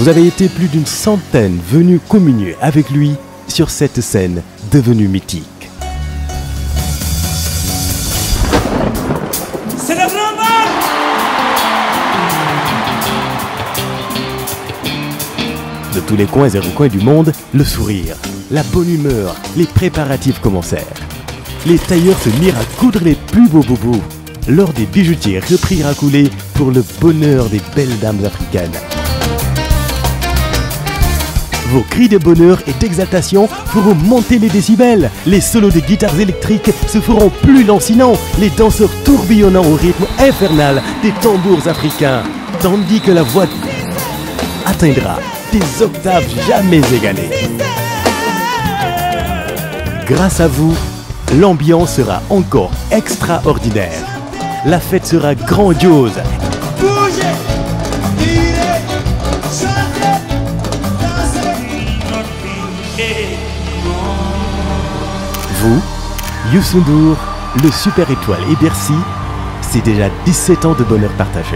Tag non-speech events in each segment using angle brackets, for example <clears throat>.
Vous avez été plus d'une centaine venus communier avec lui sur cette scène devenue mythique. De tous les coins et recoins du monde, le sourire, la bonne humeur, les préparatifs commencèrent. Les tailleurs se mirent à coudre les plus beaux bobos. L'or des bijoutiers reprirent à pour le bonheur des belles dames africaines. Vos cris de bonheur et d'exaltation feront monter les décibels. Les solos de guitares électriques se feront plus lancinants, les danseurs tourbillonnant au rythme infernal des tambours africains, tandis que la voix atteindra des octaves jamais égalées. Grâce à vous, l'ambiance sera encore extraordinaire. La fête sera grandiose Vous, Youssou Ndour, le Super Étoile et Bercy, c'est déjà 17 ans de bonheur partagé.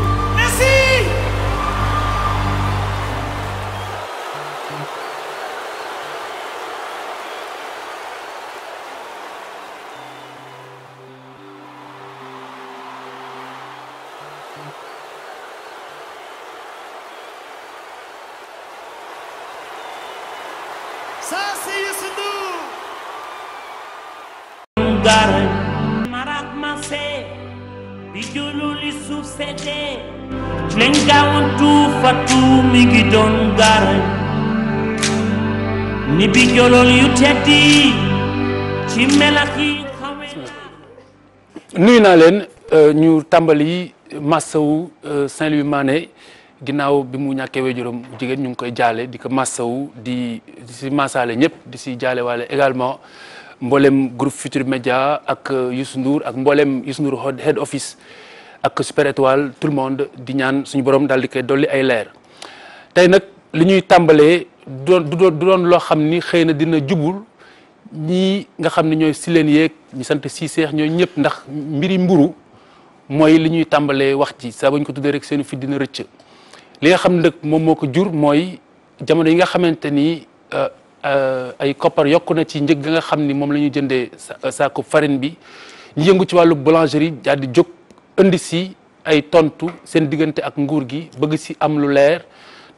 naa leen euh, ñu tàmbali massawu euh, Saint-Louis mane ginnaaw bi mu ñàkkee waajuram jigéen ñu ngi koy jaale di ko massawu di si massaale ñëpp di si jaale waale également mboolem groupe Futur Média ak euh, Youssou Ndour ak mboolem Youssou Ndour head office ak Super Étoile tout le monde di ñaan suñu borom daal di koy dolli ay leer tey nag li ñuy tàmbalee du doon loo xam ni xëy na dina jubul. ñii nga xam ne ñooy sileen yeeg ñu sant si seex ñooy ñëpp ndax mbiri mburu mooy li ñuy tàmbalee wax ci saa ba ñu ko tuddee rek seenu fi dina rëcc li nga xam nag moom moo ko jur mooy jamono yi nga xamante ni euh, euh, ay koppar yokk na ci njëg nga xam ni moom la ñuy jëndee euh, saako farine bi ñu yëngu ci wàllu boulangerie daal di jóg indi si ay tontu seen diggante ak nguur gi bëgg si am lu leer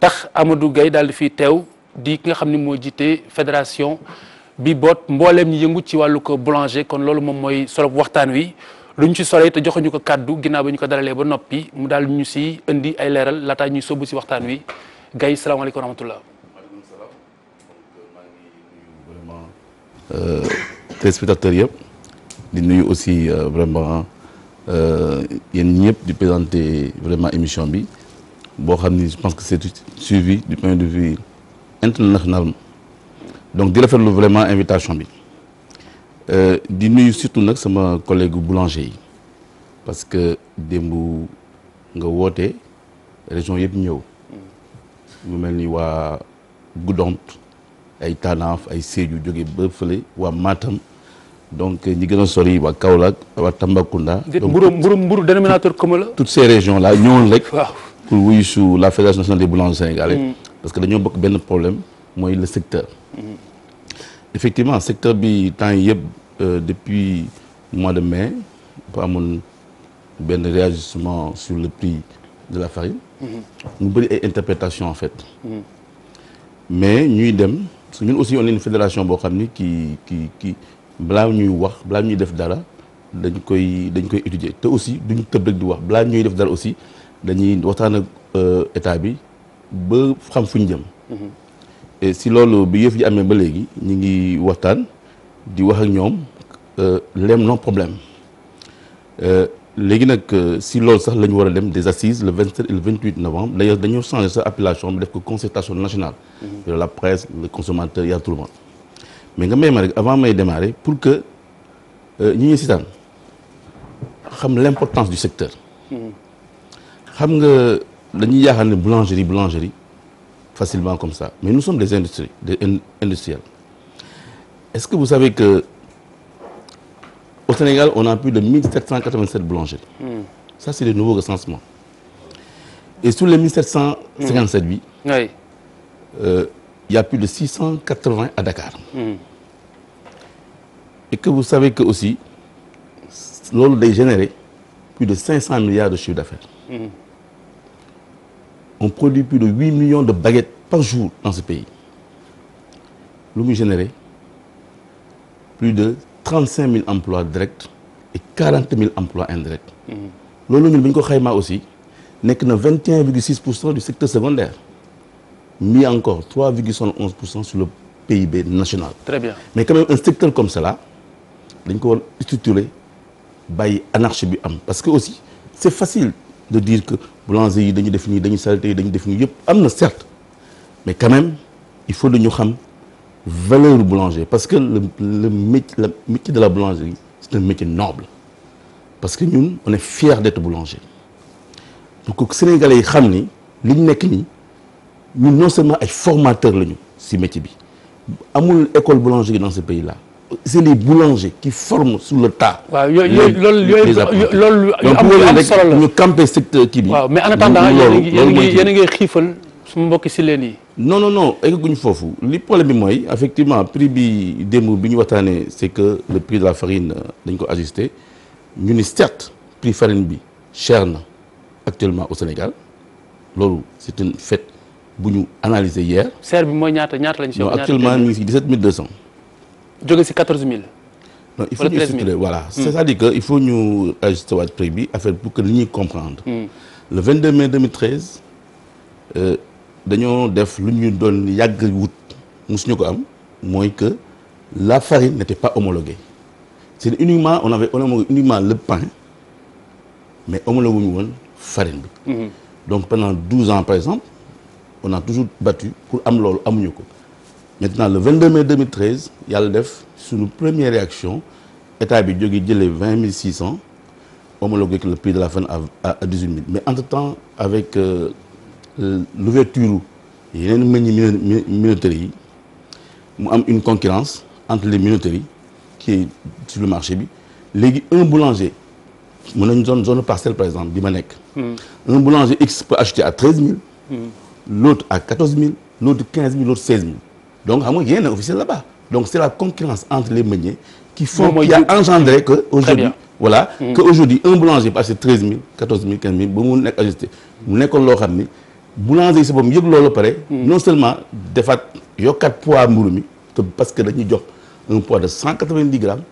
tax Amadou gay daal di fiy teew di ki nga xam ni moo jiite fédération. bi boot mbooleem ñi yëngu ci wàllu ko boulanger kon loolu moom mooy solo waxtaan wi lu ñu ci solee te joxuñu ko kàddu ginnaaw bi ñu ko dalalee ba noppi mu daal ñu si indi ay leeral laataa ñuy sobbu si waxtaan wi Gaye salaamaaleykum wa rahmatullah. maaleykum salaam donc maa ngi euh, yëpp di nuyu aussi euh, vraiment euh, yéen ñëpp di présenter vraiment émission bi boo xam ni je pense que c'est suivi du point de vue international. donc di rafetlu vraiment invitation bi euh, di nuyu surtout nag sama collègue boulanger yi parce que démb nga woote région yëpp ñëw mu mel ni waa Goudomp ay Tanaff ay Sédhiou jóge ba fële waa Matam donc ñi gën a sori waa Kaolack waa Tambacounda. mburu mburu mburu dénominateur commun la. toutes ces régions là ñëwoon rek. pour wuyu su la fédération nationale des boulangers sénégalais. Mm. parce que dañoo bokk benn problème mooy le secteur. Mm. effectivement secteur bi temps yëpp euh, depuis mois de mai ba amoon benn réajustement sur le prix de la farine mm-hmm. mu bëri ay interprétation en mm-hmm. mais ñuy dem parce que ñun aussi on est une fédération boo xam ni ki ki ki balaa ñuy wax balaa ñuy def dara dañ koy dañ koy étudier te aussi duñu tëb rek di wax balaa ñuy def dara aussi dañuy waxtaan ak euh, état bi ba xam fu ñu jëm mm-hmm. si loolu bi yëf ji amee ba léegi ñu ngi waxtaan di wax ak ñoom euh, lem non problème euh, léegi nag euh, si loolu sax lañu war a dem des assises le le 28 novembre d'ailleurs dañoo changé sa appellation bi def ko concertation nationale de mhm. la presse le consommateur y a tout le monde mais nga may ma rek avant may démarrer pour que ñi ñuy sitaan xam l'importance du secteur mhm. xam nga dañuy yaakaar ne boulangerie boulangerie facilement comme ça. Mais nous sommes des industriels. Est-ce que vous savez que au Sénégal, on a plus de 1787 boulangeries. Mm. Ça, c'est le nouveau recensement. Et sur les 1757, mm. oui, il oui. euh, y a plus de à Dakar. Mm. Et que vous savez que aussi, l'on a généré plus de 500 milliards de chiffres d'affaires. Hmm. on produit plus de huit millions de baguettes par jour dans ce pays lu mu générer plus de trente cinq mille emplois directs et quarante mille emplois indirects. Mmh. loolu ñun bu ko xaymaa aussi nekk na vingt et un virgule six pour cent du secteur secondaire mis encore trois virgule soixante onze pour cent sur le PIB national. mais quand même un secteur comme cela dañ ko war structurer bàyyi anarchie bi am parce que aussi c'est facile de dire que. boulanger yi dañu def nii dañu saleté yi dañu def nii yëpp am na certes mais quand même il faut dañu xam valeur boulanger parce que le le la le de la yi c'est un métier noble parce que ñun on est fier d'être boulanger donc sénégalais yi xam ni li ñu nekk nii ñun non seulement ay formateurs lañu si métier bi amul école yi dans ce pays là. c'est les boulangers qui forment sur le tas. waaw yooyu loolu yooyu loolu yu la ñu secteur kii mais en attendant yéen a yéen a ngi xiifal su ma mbokki si leen yi. non non non egguñu foofu li problème bi mooy effectivement prix bi démb bi ñu waxtaanee c'est que le prix de la farine euh, dañ ko ajusté ñu ni certes prix farine bi chair na actuellement au Sénégal loolu c'est une fête bu ñu analysé hier. serre bi mooy ñaata ñaata lañ. si actuellement ñu ngi si 17 200. jóge si quatorze mille. non il faut ñu situer voilà. Mmh. c' que il faut ñu ajuster waat prix bi affaire pour que li ñuy comprendre. Mmh. le 22 mai 2013 euh, dañoo def lu ñu doon yàgg wut mosuñu ko am mooy que la farine n' était pas homologuée c' est uniquement on avait homologué uniquement le pain mais homologué woon farine bi. Mmh. donc pendant 12 ans par exemple on a toujours battu pour am loolu amuñu ko. maintenant le 22 mai 2013 yàlla def suñu première réaction état bi jógee jëlee vingt mille six cent homologué le prix de la fenn à à dix huit mille mais entre avec euh, l'ouverture yeneen meññi minoteries yi mu am une concurrence entre les minoteries qui est sur le marché bi léegi un boulanger mën nañ zone zone parcelle par exemple bi ma nekk. Hmm. un boulanger X peut acheter à treize mille. Hmm. l'autre à l'autre quinze mille l'autre seize mille. donc xam nga y a un officiel là donc c'est la concurrence entre les meuniers qui font qui a engendré que aujourd'hui voilà mmh. que aujourd'hui un boulanger parce que 13 000 14 000 15 000 ba mu nekk ajusté mu nekkoon loo xam ni boulanger yi sa bopp yëpp la pare mm. non seulement defaat yokkaat poids mburu mi parce que dañuy jox un poids de 190 grammes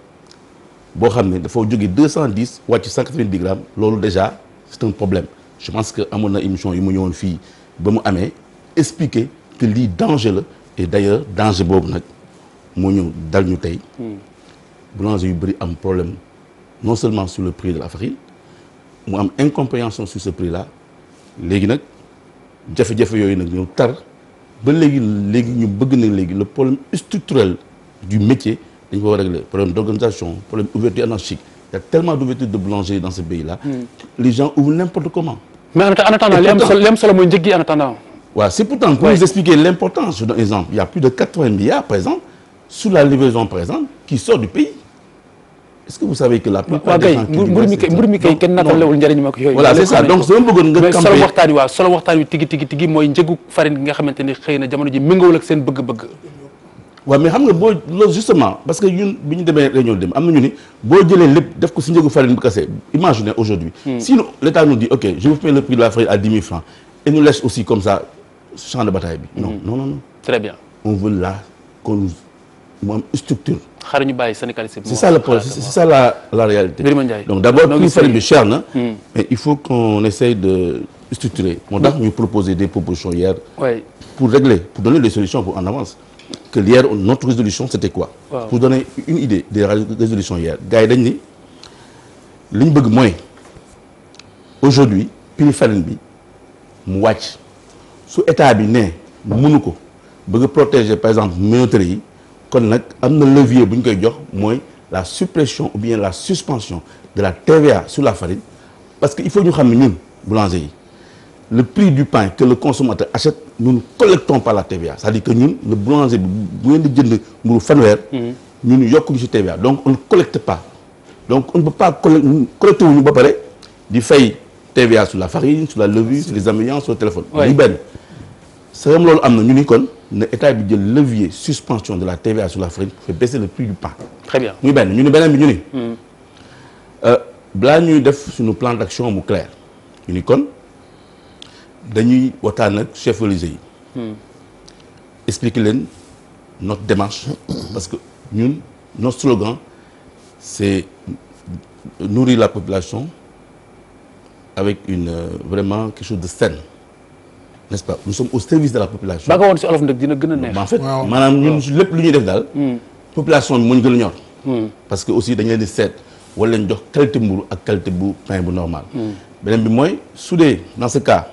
boo xam ne dafa jóge 210 wàcc dix grammes loolu déjà c'est un problème je pense que amoon na émission yi mu ñëwoon fii ba mu amee expliquer que lii danger la et d'ailleurs danger boobu nag moo ñu dal ñu tey hmm. boulanger yu bëri am problème non seulement su le prix de la farine mu am incompréhension sur ce prix là léegi nag jafe-jafe yooyu nag ñu tar ba léegi léegi ñu bëgg na léegi le problème structurel du métier dañ ko war a régler problème d'organisation problème ouverture anarchique il a tellement d'ouverture de boulangerie dans ce pays là hmm. les gens ouvrent n'importe comment mais en attendant li am solo mooy njëg waaw c'est pourtant pour ouais. nous expliquer l'importance je donne exemple il y a plus de 80 milliards par exemple sur la livraison par exemple qui sort du pays est que vous savez que la plupart des gens mbir mi kay mbir mi kay kenn nattalewul njëriñ mag yooyu solo waxtaan wi tigi tigi mooy njëgu farine nga xamante ni xëy na jamono ji méngoowul ak seen bëgg-bëgg waaw mais xam nga boo loolu justement parce que ñun bi ñu demee réunion dem am nañu ni boo jëlee lépp def ko si njëgu farine bu kese imaginez aujourd'hui hmm. si champ de bataille bi. Mm-hmm. non non non. très bien on veut là qu'on mu structure. c'est ça la la réalité. donc d'abord prix farine bi cher na. Mm. mais il faut qu'on essaye de structurer. moo tax ñu proposer des propositions hier. oui pour régler pour donner des solutions pour en avance. que hier notre résolution c'était quoi. Wow. pour donner une idée des résolutions hier gars yi dañ ni li ñu bëgg mooy aujourd'hui bi mu wàcc. su état bi ne mënu ko bëgg protéger par exemple meurtriers yi kon nag am na levier bu ñu koy jox mooy la suppression ou bien la suspension de la TVA su la farine parce que il faut ñu xam ne ñun boulanger le prix du pain que le consommateur achète nous ne collectons la TVA c'est-à-dire que ñun le boulanger bi bu ngeen di jënd mburu fanweer hmm. ñun yokkuñu ci TVA donc on ne collecte pas donc on ne peut pas collecter wuñu ba pare di fay TVA sur la farine la levure sur les amiants téléphone sërëm loolu am na ñu ni kon ne état bi jël levier suspension de la TVA sur la farine fait baisser le prix du pain. muy benn ñu ni bi ñu ni. Hmm. Euh, balaa ñuy def suñu plan d'action mu clair ñu ni kon dañuy waxtaan ak chef religieux yi. Hmm. expliquer leen notre démarche parce que ñun notre slogan c'est nourrir la population avec une euh, vraiment quelque chose de sain. n'est-ce pas nous sommes au service de la population. ba ko woon si hmm. hmm. parce que aussi dañu di seet wala leen jox qualité mburu bu pain hmm. beneen bi mooy su dee dans ce cas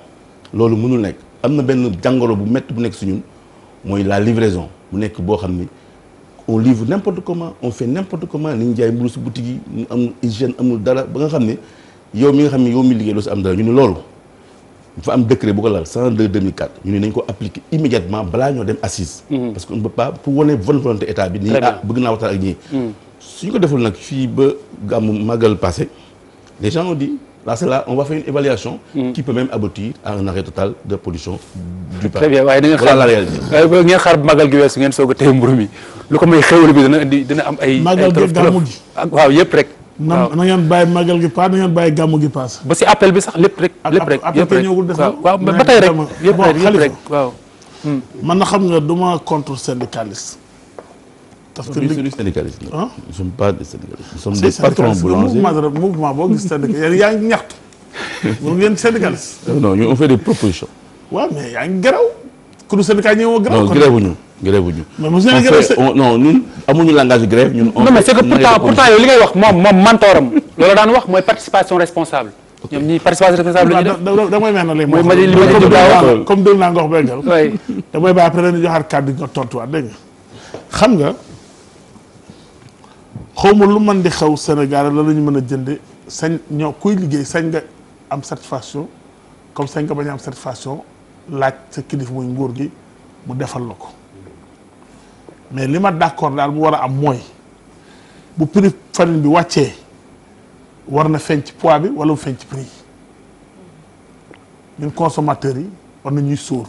loolu mënul nekk am na benn jàngoro bu métti bu nekk si ñun mooy la livraison bu nekk boo xam ni on livre n'importe comment on fait comment ni ñu jaay mburu si boutique yi amul hygiène amul dara ba nga xam ne yow mi nga xam ni yow mi liggéey loo si am dara ñu ne loolu. dafa am décret bu ko laal 102 2004 ñu ne nañ ko appliquer immédiatement balaa ñoo dem assise mhm. parce que on ne peut pas pour wane bonne volonté état bi nii ah bëgg naa waxtaan ak ñii mhm. suñu ko deful nag fii ba gàmmu màggal passé les gens ont dit là c'est là on va faire une évaluation mmh. qui aboutir à un arrêt total de pollution du parc. très bien waaye da ngeen xaar la réalité ngeen xaar bu ngeen soog a téye mburu mi lu ko may xéwal bi dana am ay màggal gi gàmmu ah, yëpp rek na ngeen bàyyi magal gi paas na ngeen bàyyi gàmmu gi paas. ba si appel bi sax lépp rek. lépp rek yëpp rek waaw waaw ba tey rek yëpp hmm. man na xam nga du ma contre syndicaliste. parce que li syndicaliste la. nous sommes pas des syndicalistes. nous sommes des patrons boulangers mouvement boo gis syndicaliste yaa ngi ñaxtu. moom <laughs> ngeen syndicaliste. non ñu on fait des propositions. waaw mais yaa ngi garaw. ku du syndicat ñëwoo garaw. non garaawuñu. grève wuñu. mais amuñu langage grève ñun. on non mais c'est que pourtant pourtant li ngay wax moom moom mentoram loolu daan wax mooy participation responsable. ñoom ñii participation responsable la ñuy na léegi. mooy ma li ma déglu comme déglu naa nga wax bengal. oui da mooy bàyyi après dañuy joxaat kàddu nga xam nga xaw ma lu man di xaw Sénégal la la ñu mën a jënd sañ ñoo kuy liggéey sañ nga am satisfaction comme sañ nga bañ a am satisfaction laaj sa kilifa muy nguur gi mu defal la ko mais li ma d'accord daal mu war a am mooy bu prix farine bi wàccee war na feeñ ci bi wala mu feeñ ci prix ñun consommateurs yi war na ñuy sóor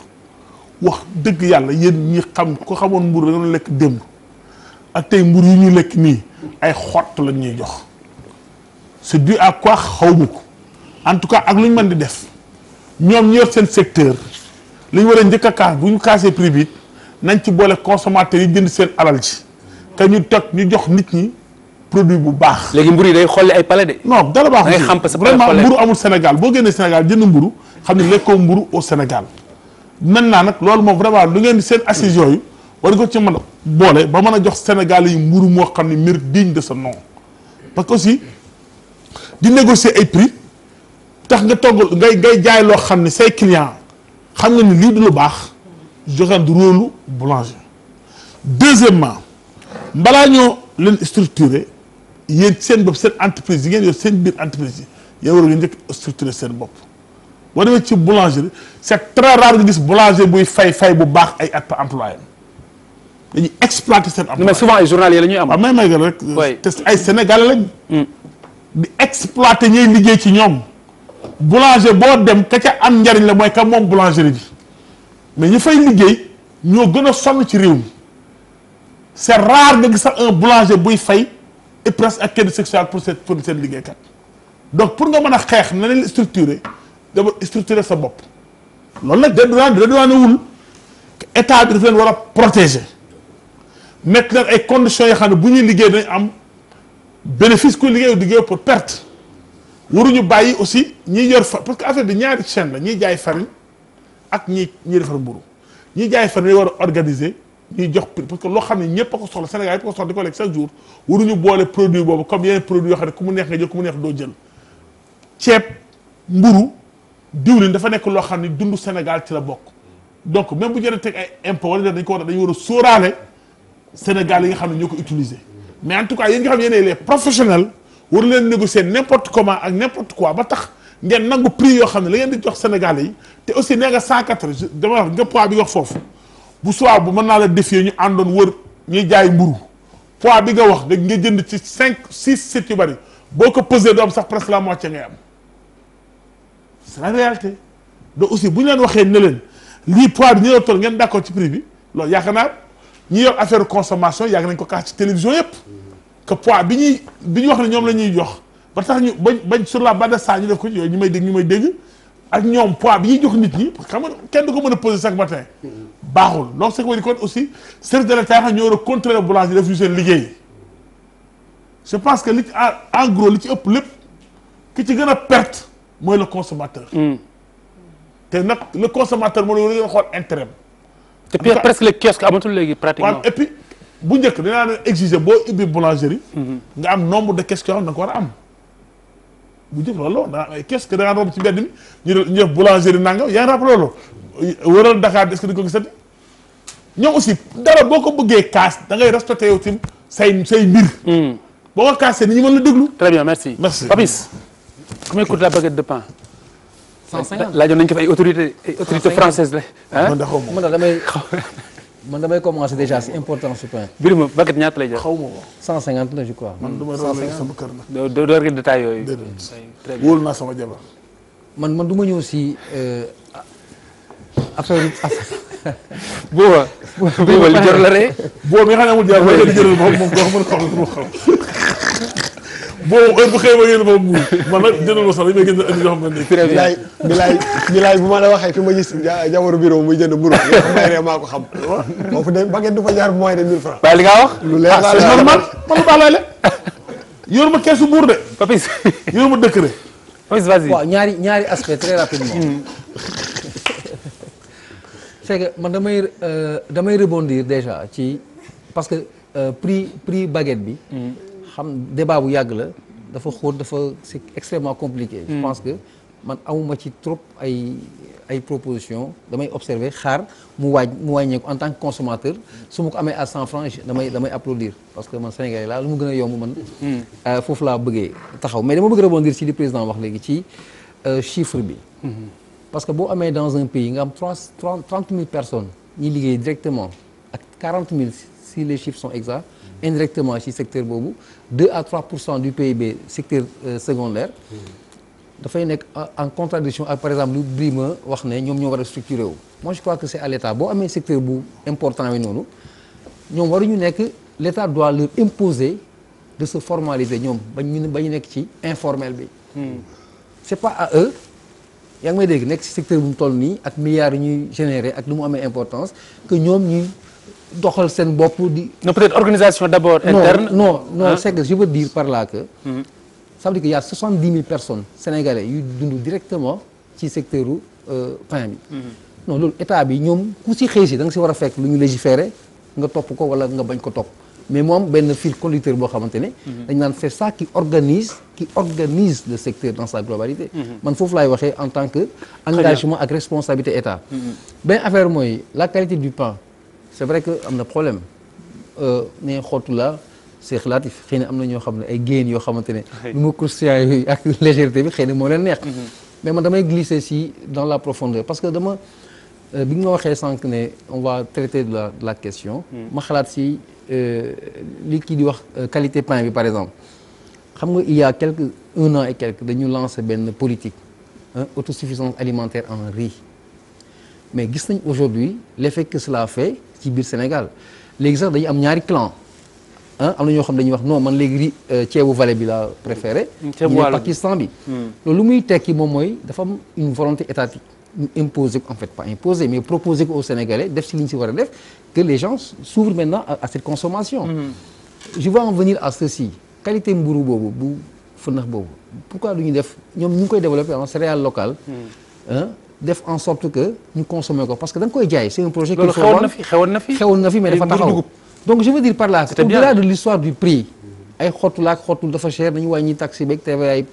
wax dëgg yàlla yéen ñi xam ko xamoon mburu da nga lekk démb ak tey mburu yi ñuy lekk nii ay xott lañ ñuy jox c'est dû à quoi xawma ko en tout cas ak lu ñu mën di def ñoom ñu yor seen secteur li ñu war a njëkk a kaas bu ñu kaasee prix bi nañ ci boole consommateur yi jënd seen alal ci te ñu teg ñu jox nit ñi produit bu baax. léegi mburu yi day xolli ay palais de. non dara baax ngay xam parce que vraiment mburu amul Sénégal boo génnee Sénégal jënd mburu xam ne lekkoo mburu au Sénégal. nan naa nag loolu moom vraiment lu ngeen di seen assises yooyu war nga ko ci mën a boole ba mën a jox Sénégal yi mburu moo xam ne mérite digne de ce nom parce que aussi di négocier ay prix tax nga togg ngay ngay jaay loo xam ne say client xam nga ni lii du lu baax. joxande rôle boulanger deuxièmement balaa ñoo leen structuré yéen seen bopp seen entreprise yi ngeen yor seen biir entreprise yi yéen war ngeen njëkk structuré seen bopp boo demee ci boulangerie c'est très rare nga gis boulanger buy fay fay bu baax ay at par employé dañuy exploiter seen emploi mais souvent ay journaliers la ñuy am. waaw ah, may may rek. te ay sénégalais lañ. Mm. di exploiter ñuy liggéey ci ñoom. boulanger boo dem ka am njariñ la mooy ka moom boulangerie bi. mais ñu fay liggéey ñoo gën a sonn ci réew mi c'est rare nga gis sax un boulanger buy fay et presque ak crédit social pour seen pour seen liggéeykat donc pour nga mën a xeex na leen structurer dama structurer sa bopp loolu nag dédouane dédouane wul état bi daf leen war a protéger mettre leen ay conditions yoo xam ne bu ñuy liggéey dañ am bénéfice ku liggéey liggéey pour perte waruñu bàyyi aussi ñiy yor fa parce que affaire bi ñaari chaîne la ñiy jaay farine ak ñii ñiy defar mburu ñi jaay fer ñooy war a organiser ñuy jox prix parce que loo xam ne ñëpp a soxla Sénégal yëpp a ko soxla di ko lekk chaque jour waruñu boole produit boobu comme yeneen produit yoo xam ne ku mu neex nga jël ku dafa nekk loo xam ne dundu Sénégal ci la bokk donc même bu ñu teg ay impôt wala dañ ko war a dañu war a sóoraale Sénégal yi nga xam ne ñoo ko utiliser mais tout cas yéen nga xam ne yéen les professionnels war leen négocier n'importe comment ak n'importe quoi ba tax ngeen nangu prix yoo xam ne la ngeen di jox Sénégal yi te aussi nee nga 180 dama wax nga poids bi nga wax foofu bu soir bu mën naa la défier ñu àndoon wër ñuy jaay mburu poids bi nga wax da nga jënd ci cinq 6 sites yu boo ko pesé doom sax presque la moitié ngay am c'est la réalité donc aussi bu ñu leen waxee ne leen lii poids bi ñu la toll ngeen d'accord ci prix bi loolu yaakaar naa ñi yor affaire consommation yàgg nañ ko kaas ci télévision yëpp que poids bi ñuy bi ñu wax ne ñoom la ñuy jox ba tax ñu bañ bañ sur la base de ça ñu may dégg ñu may dégg ak ñoom poids bi ñuy jox nit ñi xam nga kenn du ko mën a peser chaque matin baaxul loolu c'est que aussi service de l'État ñoo war a contrôler boulanger yi def yu liggéey je pense que li ci en gros li ci ëpp lépp ki ci gën a perte mooy le consommateur hmm. te nag le consommateur moo la gën a xool intérêt te puis presque les kiosques amatul léegi pratiquement bu njëkk dinaa ne boo ubbi boulangerie hmm. nga am nombre de kiosques yoo xam da ko war a am bu jëkk loolu la woon ah, qu'est-ce que da ngaa romb ci mbedd mi ñu ñu def boulangerie nangam yaa ngi ràpp loolu wëral Dakar est-ce ko gisati ñoom aussi dara boo ko bëggee kaas da ngay respecté yow tim say say mbir hmm. boo ko kaasee ni ñu mën la déglu très bien merci merci Papis combien coûte la baguette de pain laajoon nañu ko fi ay autorité autorité française la ah man damay <laughs> man damay commencer déjà c'est important su point. Birima Bakhit ñaata lay jël. xaw ma ko 150 la je crois. man du ma réglé sama kër nag. doo doo réglé détail naa sama jabar. man man du ma ñëw si affaire booba. booba la de. booba mi xam ne amul jaar li jëral moom moom doo boobu heure bu xëy ma ngeen moom man nag jëndal ma sax dañ may gën a indi ñoo xam ne nii. bilaay bu ma la waxee fi ma gis jabaru bureau muy jënd mburu may maa ko xam. foofu de baguette du fa jaar moins de 1000 francs. waaye li nga wax. lu leer ah, laa lay man man lu baax lay la. yor ma keesu buur de. Papis yor ma dëkk de. Papis vas ñaari ñaari aspect rapidement. Hmm. <laughs> c'est que man damay euh, damay rebondir déjà ci parce que euh, prix prix baguette bi. Hmm. xam débat bu yàgg la dafa xóot dafa c'est extrêmement compliqué je hmm. pense que man amuma ci trop ay ay proposition damay observer xaar mu waaj mu wàññeeku en tant que consommateur su ma ko amee à cent francs damay damay applaudir parce que man Sénégalais laa lu mu gën a yomb man hmm. euh, foofu laa bëggee taxaw mais dama bëgg rebondir ci li président wax léegi ci euh, chiffre bi hmm. parce que boo amee dans un pays nga am trois trente mille personnes ñi liggéey directement ak quarante mille si les chiffres sont exacts indirectement ci secteur boobu 2 à 3 pour cent du PIB secteur euh, secondaire. dafay nekk en contradiction ak par exemple lu ma wax ne ñoom ñoo war a structuré wu. moi je crois que c' à l' état boo amee secteur bu important wi noonu ñoom ñu nekk létat état doit leur imposer de se formaliser ñoom ba ñu nekk ci informel bi. Hmm. c' est pas à eux. yaa ngi may dégg nekk ci secteur bu mu toll nii ak milliards ñuy généré ak lu mu amee importance que ñoom doxal seen bopp di. non peut-être organisation d'abord interne. non non non c'est que je veux dire par que. Mm-hmm. ça que y a soixante dix mille personnes sénégalais yu dund directement ci secteur u euh, pain bi. Mm-hmm. non loolu état bi ñoom ku si xëy si da si war a fekk lu ñu légiférer nga topp ko wala nga bañ ko topp mais moom benn fil conducteur boo xamante ne. Mm-hmm. dañ naan c'est ça qui organise ki organise le secteur dans sa globalité. man foofu laay waxee en tant que. engagement ak responsabilité état. benn affaire mooy c'est vrai que am na problème ne euh, xottu la c'est relatif xëy na am na ñoo xam ne ay génn yoo xamante ne nu ma coursia yooyu ak légèreté bi xëy na moo leen neex mhm. mais man damay glisser si dans la profondeur parce que dama euh, bi nga ma waxee sànq ne on va traiter de la question mhm. ma xalaat si euh, li kii di wax qualité pain bi par exemple xam nga il y a quelque un an et quelque dañu lancé benn politique hein, autosuffisance alimentaire en riz mais gis nañ aujourd'hui l'effet que cela fait ci biir Sénégal léegi sax dañu am ñaari clan ah am na ñoo xam dañuy wax non man léegi euh, ceebu vallée bi la préféré mm, ñu ne Pakistan bi mm. loolu lu muy tekki moom mooy dafa am une volonté étatique ñu imposer ko en fait pas imposer mais proposer ko aux Sénégalais def si li ñu si war a def que les gens s'ouvrent maintenant à, à cette consommation mmh. je veux en venir à ceci qualité mburu boobu bu fënax boobu pourquoi du ñu def ñoom ñu ngi koy développer en céréales local mm. def en sorte que ñu consommer ko parce que da nga koy jaay c'est un projet. loolu xewoon na fi xewoon na fi xewoon na fi mais dafa taxaw donc je veux par là. au-delà de l'histoire du prix. ay xottu laak xottu dafa cher dañu wàññi taxi beeg TVA ay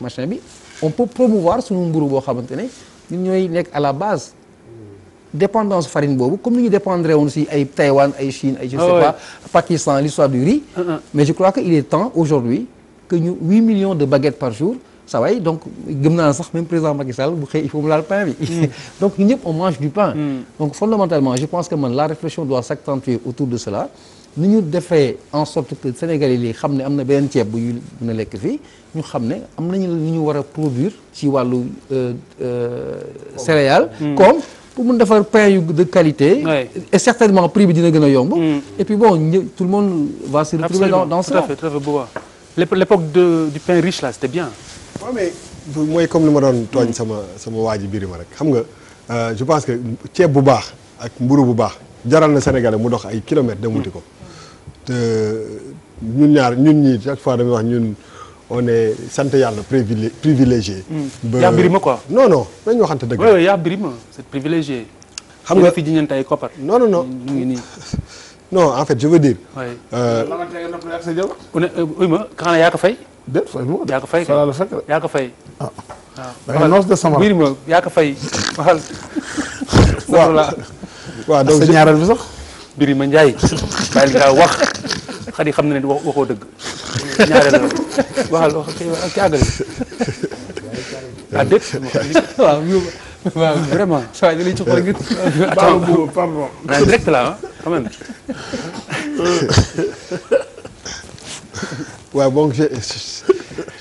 machin bi on peut promouvoir suñu mburu boo xamante ne ñun ñooy nekk à la base. dépendance farine boobu comme ni ñu dépendre woon si ay Taïwan ay Chine ay je ne ah sais Pakistan l'histoire du riz. Ah, ah. mais je crois que il est temps aujourd'hui que ñu 8 millions de baguettes ça va donc naa sax même président Macky Sall bu xëy il faut mu laal pain bi. Hmm. <laughs> donc ñun ñëpp on mange du pain. Hmm. fondamentalement je pense que man la réflexion doit s'accentuer autour de cela. ni ñu defee en sorte que Sénégalais yi xam ne am na beneen ceeb bu ñu mën a lekk fii ñu xam ne am nañu lu ñu war a produire si wàllu euh, euh, céréal hmm. comme pour mun defar pain yu de qualité. et certainement prix bi dina gën yomb. et puis bon tout le monde va se retrouver dans dans l'époque du pain riche là bien. waaw mais mooy comme ni ma doon tooñ hmm. sama sama waa ji biir ma rek xam nga euh, je pense que ceeb bu baax ak mburu bu baax jaral na Sénégalais mu dox ay kilomètres dem wuti ko hmm. te ñun ñaar ñun ñii chaque fois damay wax ñun on est sant yàlla privilé privilégié. Hmm. ba yaa birima quoi. non non nañu waxante xam nga fi ngi nii. non en fait je veux dire. oui. ku euh, euh, ma xanaa yaa ko fay. déet fay mu fay yaa ma yaa ko fay. Ah. Ah. waxal. waaw sa ñaareel bi sax. Birima Ndiaye. bàyyi la wax xadi xam na ne waxoo dëgg. ñaareel la waxal wax kii àggali. <laughs> ah déet waaw. waaw vraiment. saa yi ci xool ngir. je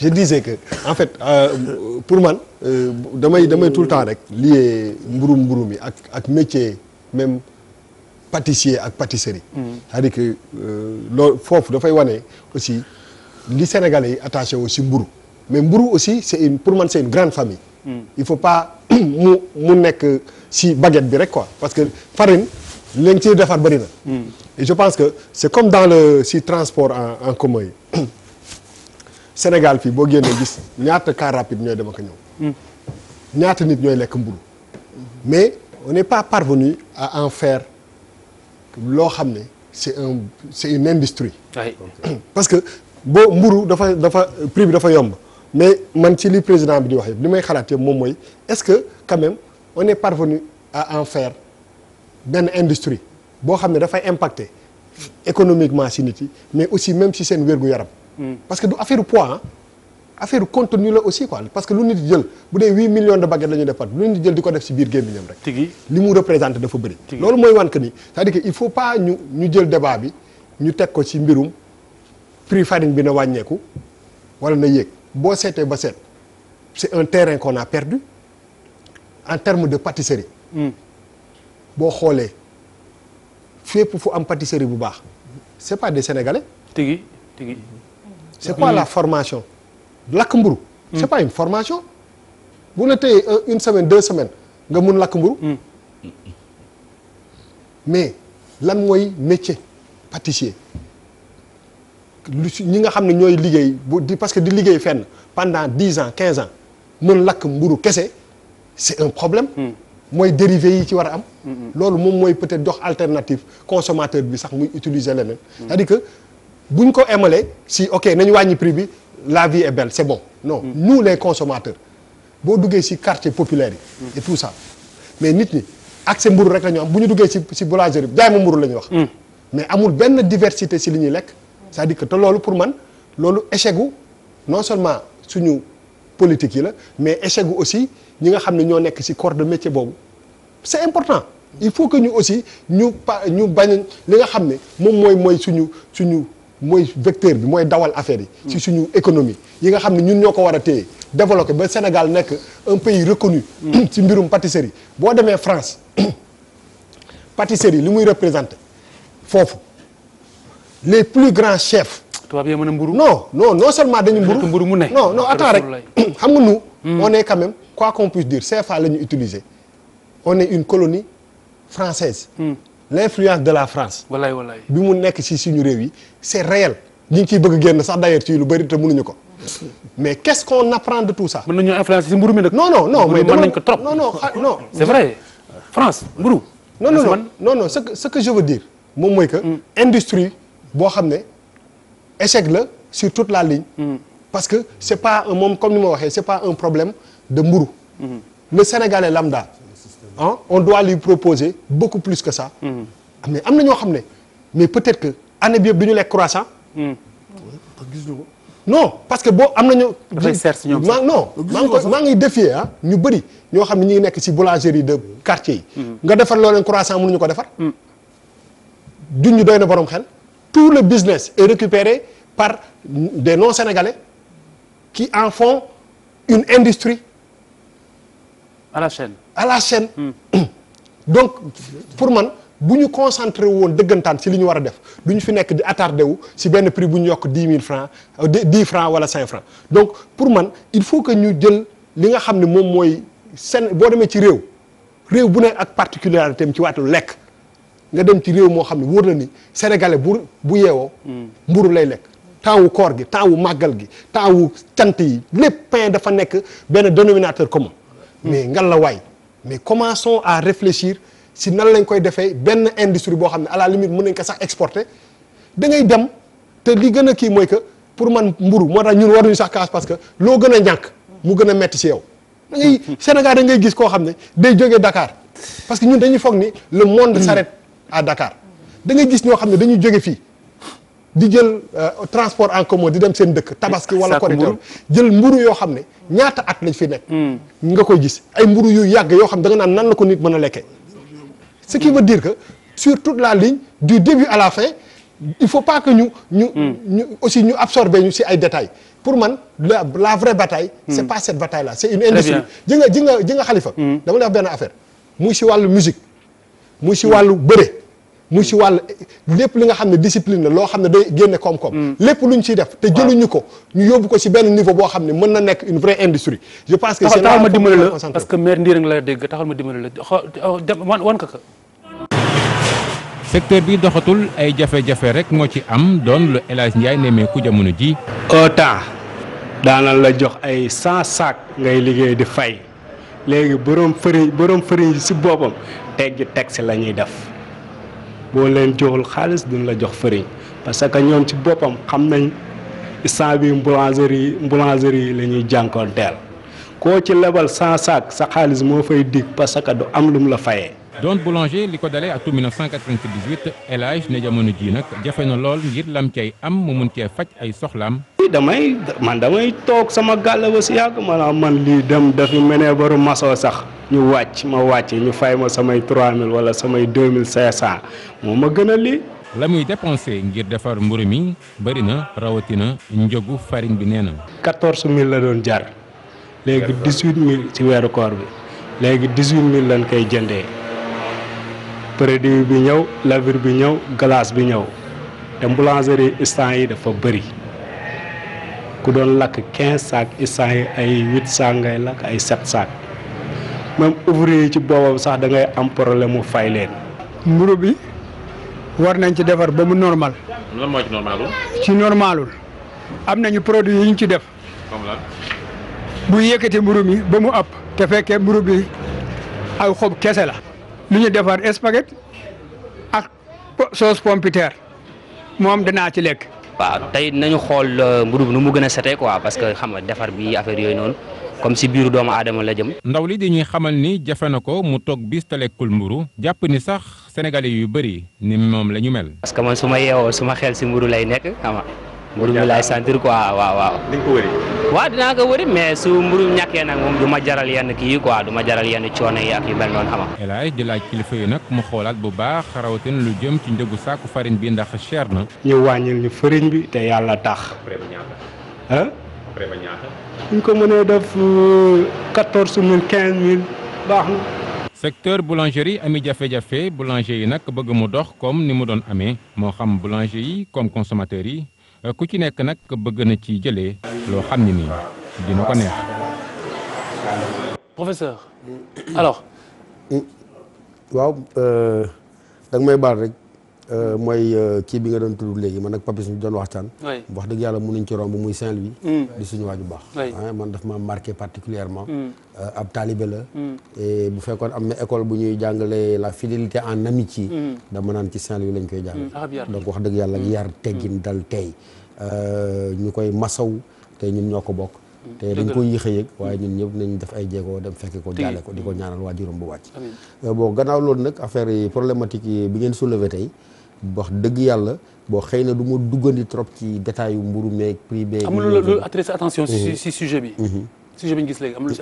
je disais que en fait euh, pour man euh, damay damay tout temps rek lié mburum mburum yi ak ak métier même pâtissier ak pâtisserie. Mm. c'est-à-dire euh, loolu foofu dafay wane aussi li Sénégalais yi attaché aussi mburu mais mburu aussi c'est une pour man c'est grande famille. il faut pas <clears throat> mu mu nekk si baguette bi rek quoi parce que farine li ciy defar bëri na. Mm. je pense que c' est comme dans le si transport en en commun yi <clears throat> Sénégal fii boo génnee gis ñaata car rapide ñooy dem ak ñëw. Mm. ñaata nit ñooy lekk mburu mais on n'est pas parvenu à en faire loo xam ne c' est un c' est industrie. <clears throat> parce que boo mburu dafa dafa prix bi dafa yomb. mais man ci li président bi di wax yëpp li may xalaat yëpp moom mooy est-ce que quand même on parvenu en faire benn industrie boo xam ne dafay impacter économiquement si nit yi mais aussi même si seen wér-gu-yaram. Hmm. parce que du affaire poids affaire contenu la aussi quoi parce que lu nit jël bu dee huit millions de baguettes la ñu defar lu nit jël di ko def si biir gémmiñam rek. li mu représenté dafa bëri. loolu mooy wan que ni c'est-à-dire que il faut pas ñu jël débat bi ñu teg ko ci mbirum prix farine bi na wàññeeku wala na boo seetee ba seet c'est un terrain qu'on a perdu en terme de pâtisserie. Mm. boo xoolee fépp fu am pâtisserie bu baax c'est pas de sénégalais. tigi tigi. c'est quoi mm. la formation. lakk mburu mm. c'est pas une formation. bu la tey euh, une semaine deux semaines nga mun lakk mburu mais lan mooy métier pâtissier. lu si ñi nga xam ne ñooy liggéey bu di parce que di liggéey fenn pendant dix ans quinze ans mën lakk mburu kese c'est un problème. Hmm. mooy dérivé yi ci war a am. Hmm, hmm. loolu moom mooy peut-être jox alternative consommateur bi sax muy utiliser leneen. cest à di que buñ ko émalee si ok nañu wàññi prix bi la vie est belle c'est bon. non nous les boo duggee si quartier populaire yi. et tout ça mais nit ñi accès mburu rek la ñu am bu ñu duggee si si boulangerie bi jaay ma mburu lañu ñu mais amul benn diversité si li ñuy lekk. c'est-à-dire te loolu pour man loolu échec non seulement suñu politique yi la mais échec aussi ñi nga xam ne ñoo nekk ci corps de métier boobu c'est important il faut que ñu aussi ñu pa ñu bañ li nga xam ne moom mooy mooy suñu suñu mooy vecteur bi mooy dawal affaire yi ci suñu économie yi nga xam ne ñun ñoo ko war a téye développé ba Sénégal nekk un pays reconnu si mm. mbirum pâtisserie boo demee France <coughs> pâtisserie li muy représenté foofu les plus grands chefs. tubaab yee mën a mburu. non non non seulement dañu mburu mburu mu ne. non non ah, attends rek <clears throat> xam nga nous. Hmm. on est quand même quoi qu'on puisse dire CFA la ñu utiliser. on est une colonie française. Hmm. l'influence de la France. wallaay wallaay bi mu nekk ci suñu réew yi c'est réel. ñu ngi ciy bëgg génn sax d'ailleurs ci lu bari te mënuñu ko. mais qu'est-ce qu'on apprend de tout ça. mën nañoo influencer ci mburu mi nag. non non non mais mën nañ ko trop non non ah, non. c'est vrai France mburu. non non non non non ce que ce que je veux dire moom mooy que hmm. industrie. boo xam ne échec la sur toute la ligne. Mm. parce que c'est pas moom comme ni ma waxee c'est pas un problème de mburu. Mm. le sénégalais lam daal on doit lui proposer beaucoup plus que sax mm. mais am na ñoo xam ne mais peut-être que année bi yëpp du ñu lekk croissant. gis ko. non parce que boo am nañu. dafay seet si ñoom sax non. maa ngi défier ah ñu bëri ñoo xam ne ñu ngi nekk ci boulangerie de quartier yi. nga defar loo leen croissant ñu ko defar. duñ ñu doy na borom xel. tout le business est récupéré par des non-sénégalais qui en font une industrie. à la chaîne à la chaîne. Hmm. <clears throat> donc pour man bu ñu concentré woon dëggantaan ci li ñu war a def du ñu fi nekk di attardé wu ci benn prix bu ñu yokk dix mille francs euh, dix francs wala cinq francs donc pour man il faut que ñu jël li nga xam ne moom mooy seen boo demee ci réew réew bu ne ak particularité am ci wàllu lekk. nga dem ci réew moo xam ne wóor na ni sénégalais bu bu yeewoo. Hmm. mburu lay lekk. temps wu koor gi temps wu màggal gi temps wu cant yi lépp pain dafa nekk benn dénominateur commun. Hmm. mais ngal la waay mais commençons à réfléchir si nan lañ koy defee benn industrie boo xam ne à la limite mën nañ ko sax exporter da ngay dem te li gën a kii mooy que pour man mburu moo tax ñun waruñu sax kaas parce que loo gën a ñàkk mu gën a metti si yow. da ngay <laughs> Sénégal da ngay gis koo xam ne day jógee Dakar parce que ñun dañuy foog ni le monde hmm. s'arrête à Dakar da ngay gis ñoo xam ne dañuy jóge fii di jël euh, transport en commun di dem seen dëkk tabaski wala korité jël mburu yoo xam ne ñaata at lañ fi nekk hmm. nga koy gis ay mburu yu yàgg yoo xam ne danga naan nan la ko nit mën a lekkee ce qui veut dire que sur toute la ligne du début à la fin il faut pas que ñu ñu hmm. ñu aussi ñu absorber ñu ci ay détails pour man la la vraie bataille hmm. c'est pas cette bataille là c'est une industrie ji nga ji nga ji nga xalifa dama lay benn affaire muy si wàllu musique muy si wàllu bëre muy si wàllu lépp li nga xam ne discipline la loo xam ne day génne koom-koom mm. lépp luñ ciy def te jëluñu ko ñu yóbbu ko si benn niveau boo xam ne mën na nekk une vraie industrie je pense que taxal ma dimbali la parce que maire Ndiir la dégg taxal ma dimbali la wan wan ka secteur bi doxatul ay jafe-jafe rek moo ci am doon lu El Hadj Ndiaye nemmeeku jamono ji au temps daanal la jox ay cent sac ngay liggéey di fay léegi borom fëriñ borom fëriñ si boppam teggi texte la ñuy def boo leen joxul xaalis duñ la jox fëriñ parce que ñoom ci boppam xam nañ instant bi boulangerie boulangerie yi la ñuy jànkoonteel koo ci lebal sans sac sa xaalis moo fay dig parce que du am lu la fayee doon boulanger li ko dalee atum 1998 El Hadj ne jamono ji nag jafe na lool ngir lam cay am mu mun cee faj ay soxlaam. damay man damay toog sama gàll ba si yàgg maanaam man lii dem dafi mene baru maso sax ñu wàcc ma wàcc ñu fay ma samay 3000 wala samay 2500 moo ma gën a la muy dépensé ngir defar mburu mi bëri na rawatina njëgu farine bi nee na. 14000 la doon jar léegi 18000 ci weeru koor bi léegi 18000 lañ koy jëndee. produit bi ñëw levure bi ñëw glace bi ñëw te boulangerie instant yi dafa bëri ku doon lakk quinze sacs instant yi ay huit sacs ngay lakk ay sept sacs même ouvrier yi ci boobam sax da am problème mu fay leen. mburu bi war nañ ci defar ba mu normal. lan moo ci normalul. ci normalul am nañu produit yi ñu ci def. comme bu yëkkati mburu mi ba mu ëpp. te fekkee mburu bi ay xob kese la. lu ñu defar espaguette ak sauce pompiteer moom danaa ci lekk. waaw tey nañu xool euh, mburu bi nu mu gën a setee quoi parce que xam nga defar bi affaire yooyu noonu comme si biiru doomu aadama la jëm. ndaw li dañuy xamal ni jafe na ko mu toog bis lekkul mburu jàpp ni sax sénégalais yu bëri ni moom la ñu mel. parce que man su ma yeewoo suma ma xel si mburu lay nekk xam mburu mi laay sentir quoi waaw waaw. di ko wëri. waaw ko mais su mburu ñàkkee nag moom du ma jaral yenn kii yi quoi du ma jaral yenn coono yi ak yu mel noonu xama di laaj kilifa yi nag mu xoolaat bu baax rawatina lu jëm ci njëgu saaku fariñ bi ndax cher na. ñu wàññil ñu fariñ bi te yàlla tax. ah. ñu ko mënee def euh, quatorze mille quinze mille baax na. secteur boulangerie ami jafe-jafe boulanger yi nag bëgg mu dox comme ni mu doon amee moo xam boulanger yi comme consommateurs yi. ku ci nekk nag bëgg na ci jëlee loo xam ne nii dina ko neex. professeur alors. waaw euh, da nga may baal rek. Euh, mooy euh, kii bi nga doon tudd léegi man ak Papis ñu doon waxtaan wax dëgg yàlla mënuñ ci romb muy Saint-Louis mm. di suñu waaju baax ah, man daf ma marqué particulièrement mm. euh, ab taalibe la mm. et bu fekkoon am na école bu ñuy jàngale la fidélité en amitié dama naan ci Saint-Louis lañ koy jàngale ah, donc wax dëgg yàlla yar teggin dal tey ñu koy masaw te ñun ñoo ko bokk te dañ ko yéex a yëg waaye ñun ñëpp nañ def ay jéego dem fekke ko jaale ko di ko ñaanal waajuram bu wàcc bon loolu nag affaire yi problématique yi bi ngeen soulevé tey wax dëgg yàlla boo xëy na du ma duggandi trop ci détail yu mburu meeg prix beeg. amul lu attiré attention si mhm. si sujet bi. Mhm. sujet bi ñu gis léegi amul lu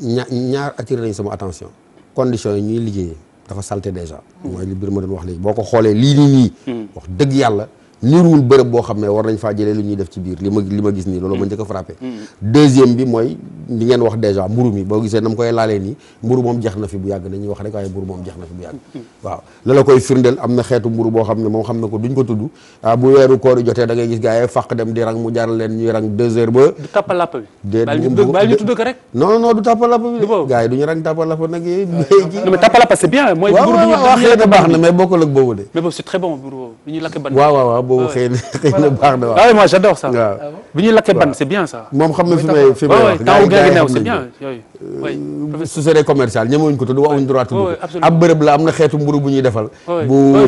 ñaar ñaar nañu sama attention. conditions yi ñuy liggéeyee dafa salté déjà. Mhm. mooy li biir ma doon wax léegi boo ko xoolee lii nii nii. wax dëgg yàlla. liiruwul bërëb boo xam ne war nañ faa jëlee lu ñuy def ci biir li ma gis nii loolu ma njëkk a mm. deuxième bi mooy li ngeen wax déjà mburu boo gisee nam koy laalee nii mburu moom jeex na fi bu yàgg na fi bu yàgg mm. boo xam ne moom xam na ko duñ ko tudd ah bu weeru koor jotee da ngay na mais bokkul ak boobu de waaw waaw boobu ah xëy na xëy na baax na waaw. waaw ah moi j'adore ça. waaw ah bu ñuy lakkee ban c'est bien ça. moom xam na fi may fi may wax. taw gën a ginnaaw c'est bien yooyu. Euh, société commerciale ñemewuñ ko tudd waxuñ droit tudd ab bërëb la am na xeetu mburu bu ñuy defal bu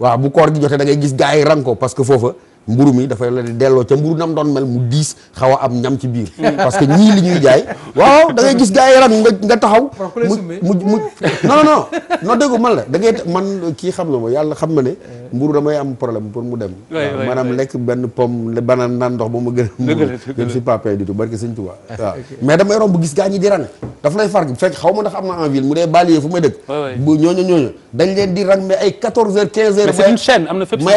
waaw bu koor gi jotee da ngay gis gars yi rang ko parce que foofa mburu mi dafay la delloo ca mburu nam doon mel mu diis xaw am ñam ci biir hmm. parce ñii li ñuy jaay waaw da gis gars yi rang nga taxaw mu mu non non non déggu man la da ngay man kii xam na ma yàlla xam na ne mburu damay am problème pour mu dem waaw maanaam lekk benn pomme banaan naan ndox ba ma gën a mburu je <laughs> comprendre daf lay far fekk xaw ma ndax am na en ville mu dee banlieue fu may dëkk bu ñooñu ñooñu dañ leen di rang mais ay 14 heures 15 heures mais c'est une chaîne am na fépp may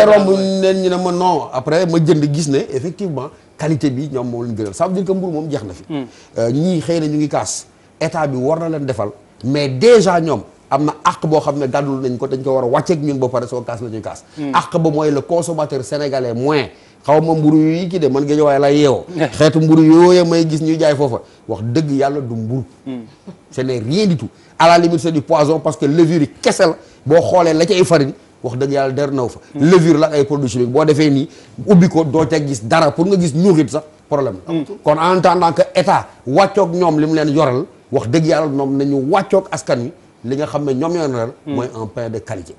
après bi ñoom moom lañ gënal ça veut dire que mburu moom jeex na fi hmm. euh, na ñu ngi kaas bi war na leen defal mais déjà ñoom am na àq boo xam ne gàddul nañ ko dañ ko war a wàcceeg ñun ba pare soo kaas la ñuy kaas hmm. àq ba mooy le consommateur sénégalais moyen xaw ma mburu yi kii de man géejawaay lay yeewoo <laughs> xeetu mburu yooya may gis ñuy jaay foofa wax dëgg yàlla du mburu hmm. ce n'est rien du tout à la limite du poison parce que levure yi kese la boo xoolee la cay farine wax dëgg yàlla der naw fa hmm. levure la ay produits chimiques boo defee nii ubbi ko doo ca gis dara pour nga gis ñuuxit sax problème la hmm. kon en tant que état wàccoog ñoom li mu leen yoral wax dëgg yàlla ñoom nañu wàccoog askan wi li nga xam ne ñoom yoon mooy un pain de qualité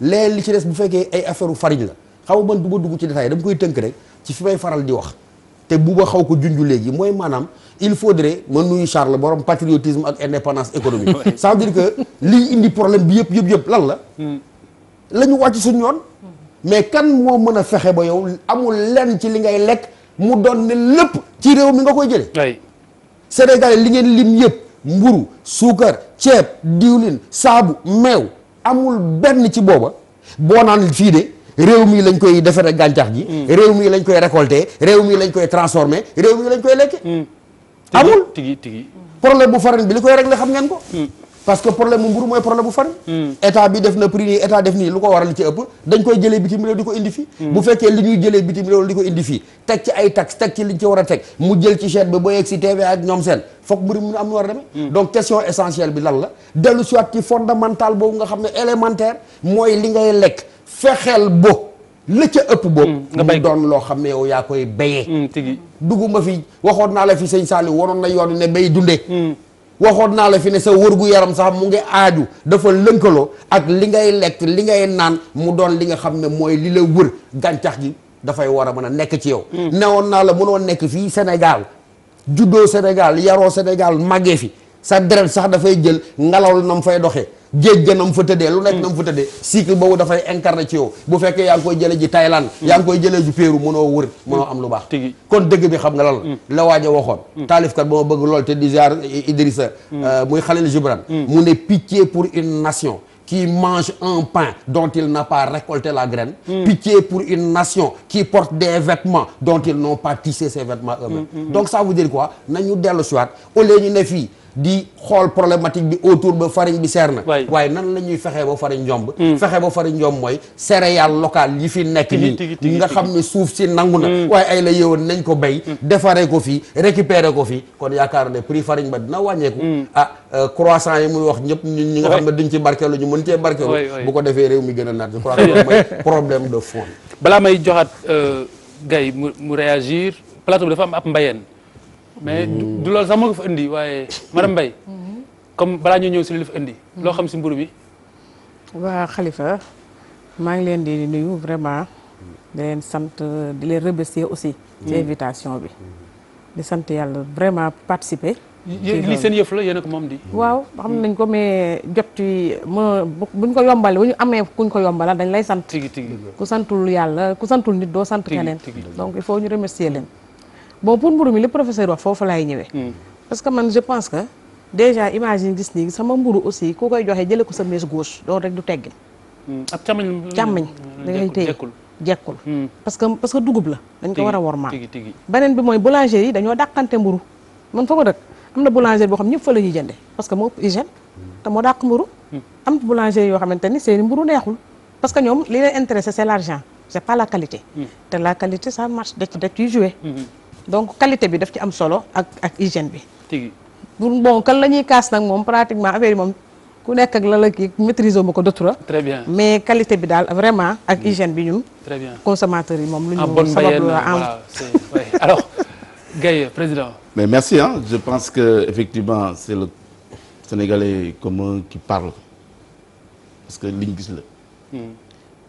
léeg li ci des bu fekkee ay affaire u la xaw man du ma dugg ci détail dama koy tënk rek ci fi may faral di wax te bu ba xaw ko junju léegi mooy maanaam il faudrait ma nuyu Charles borom patriotisme ak indépendance économique <laughs> ça veut dire que liy indi problème bi yëpp yëpp yëpp lan la hmm. la ñu wàcc suñu yoon mais kan moo mën a fexe ba yow amul lenn ci li ngay lekk mu doon ne lépp ci réew mi nga koy jëlee Sénégal li ngeen lim yëpp mburu suukar ceeb diwlin saabu meew amul benn ci booba boo naan fii de réew mii lañ koy defaree gàncax gi. Mm. réew mii lañ koy récolté réew mii lañ koy transformé réew mii lañ koy lekk mm. amul tigi tigi problème bu farine bi li koy régler xam ngeen ko. Mm. parce que problème mu mburu mooy problème bu farine. état bi def na prix nii état def nii lu ko waral ci ëpp dañ koy jëlee bitim réew di ko indi fii. bu fekkee li ñuy jëlee bitim réew di ko indi fii teg ci ay taxes teg ci liñ ci war a teg mu jël ci chaîne ba ba yegg si TV ak ñoom seen foog mburu mu am nu war a demee. donc question bi lan la dellu si waat ci fondamental boobu nga xam ne élémentaire mooy li ngay lekk. fexeel bo la ca ëpp boobu mm, mu doon loo xam ne yow yaa koy béyee mm, tigi duguma fi waxoon naa la fi sëñ Saliou waroon na yoon ne bay dundee mm. waxoon naa la fi ne sa wërgu yaram sax mu ngi aaju dafa lënkaloo ak li ngay lekk li ngay naan mu doon li nga xam ne mooy li la wër gàncax gi dafay war a mën a nekk ci yow newoon naa la mënoo nekk fii Sénégal juddoo Sénégal yaroo Sénégal màggee fi sa deret sax dafay jël ngelaw la nam fay doxee géej ga nam fa tëddee lu nekk hmm. nam fa tëddee cycle boobu dafay incarné ci yow bu fekkee yaa ngi koy jële ji Thaïlande hmm. yaa ngi koy jëlee ji Pérou mënoo wër mënoo am lu baax kon dëgg bi xam nga lan la hmm. waaja waxoon taalifkat ba ma bëgg lool te di ziar Idrissa euh, muy Khalil Gibran mu ne pitié pour une nation qui mange un pain dont il n'a pas récolter la graine. Mm. Pitié pour une nation qui porte des vêtements dont ils n'ont pas tissé ces vêtements eux-mêmes. Mm, mm, Donc ça veut dire quoi? dellu si di xool problématique bi autour ba farine bi seer na waaye nan la ñuy fexee ba farine njomb hmm. fexe ba farine njomb mooy céréale locale yi fi nekk nii nga xam ne suuf si nangu na hmm. waaye ay la yëwoon nañ ko béy hmm. defaree ko fii récupérer ko fii kon yaakaar ne prix farine ba dina wàññeeku ah euh, croissant yi muy wax ñëpp ñun ñi nga xam ne duñ ci barkeelu ñu mën cee barkeelu bu ko defee réew mi gën a naat je crois que <laughs> problème de fond balaa may joxaat euh, gay mu réagir plateau bi dafa am ab mbayeen mais du lool sax moo ko fa indi waaye madame mbay comme balaa ñu ñëw si li fa indi loo xam si mburu mi waa Khalifa maa ngi leen di nuyu vraiment di leen sant di leen remercier aussi ci hmm. invitation bi di sant yàlla vraiment participer li seen yëf la yéen a moom di waaw xam nañ ko mais jot ci ma buñ ko yombale bu ñu amee kuñ ko yombala dañ lay sant ku santul yàlla ku santul nit doo sant keneen donc il faut ñu remercier leen bon pour mburu mi li professeur wax foofu laay ñëwee. Hmm. parce que man je pense que déjà imagine gis nii sama mburu aussi ku koy joxe jëlee ko sa mèche gauche doon rek du teggin. Hmm. ab càmmiñ càmmiñ hmm. da ngay téye jekkul parce que parce que dugub la dañ ko war a wormaal beneen bi mooy boulanger yi dañoo dàqante mburu man fa ko dëkk am na boulanger boo xam ñëpp fa la ñuy jënde parce que moo ëpp hygiène te moo dàq mburu am boulanger yoo xamante ni seen mburu neexul parce que ñoom li leen intéressé c'est l'argent c'est pas la qualité te la qualité donc qualité bi daf ci am solo ak ak hygiène bi. pour bon kan la ñuy kaas nag moom pratiquement affaire yi moom ku nekk ak la la kii maîtriser ma ko d'autre. très bien mais qualité bi daal vraiment ak mm. hygiène bi ñun. très bien yi moom. lu ñu sabablu la am <laughs> alors Gaye président. mais merci je pense que effectivement c'est le Sénégalais commun qui parle parce que liñ gis la. Mm.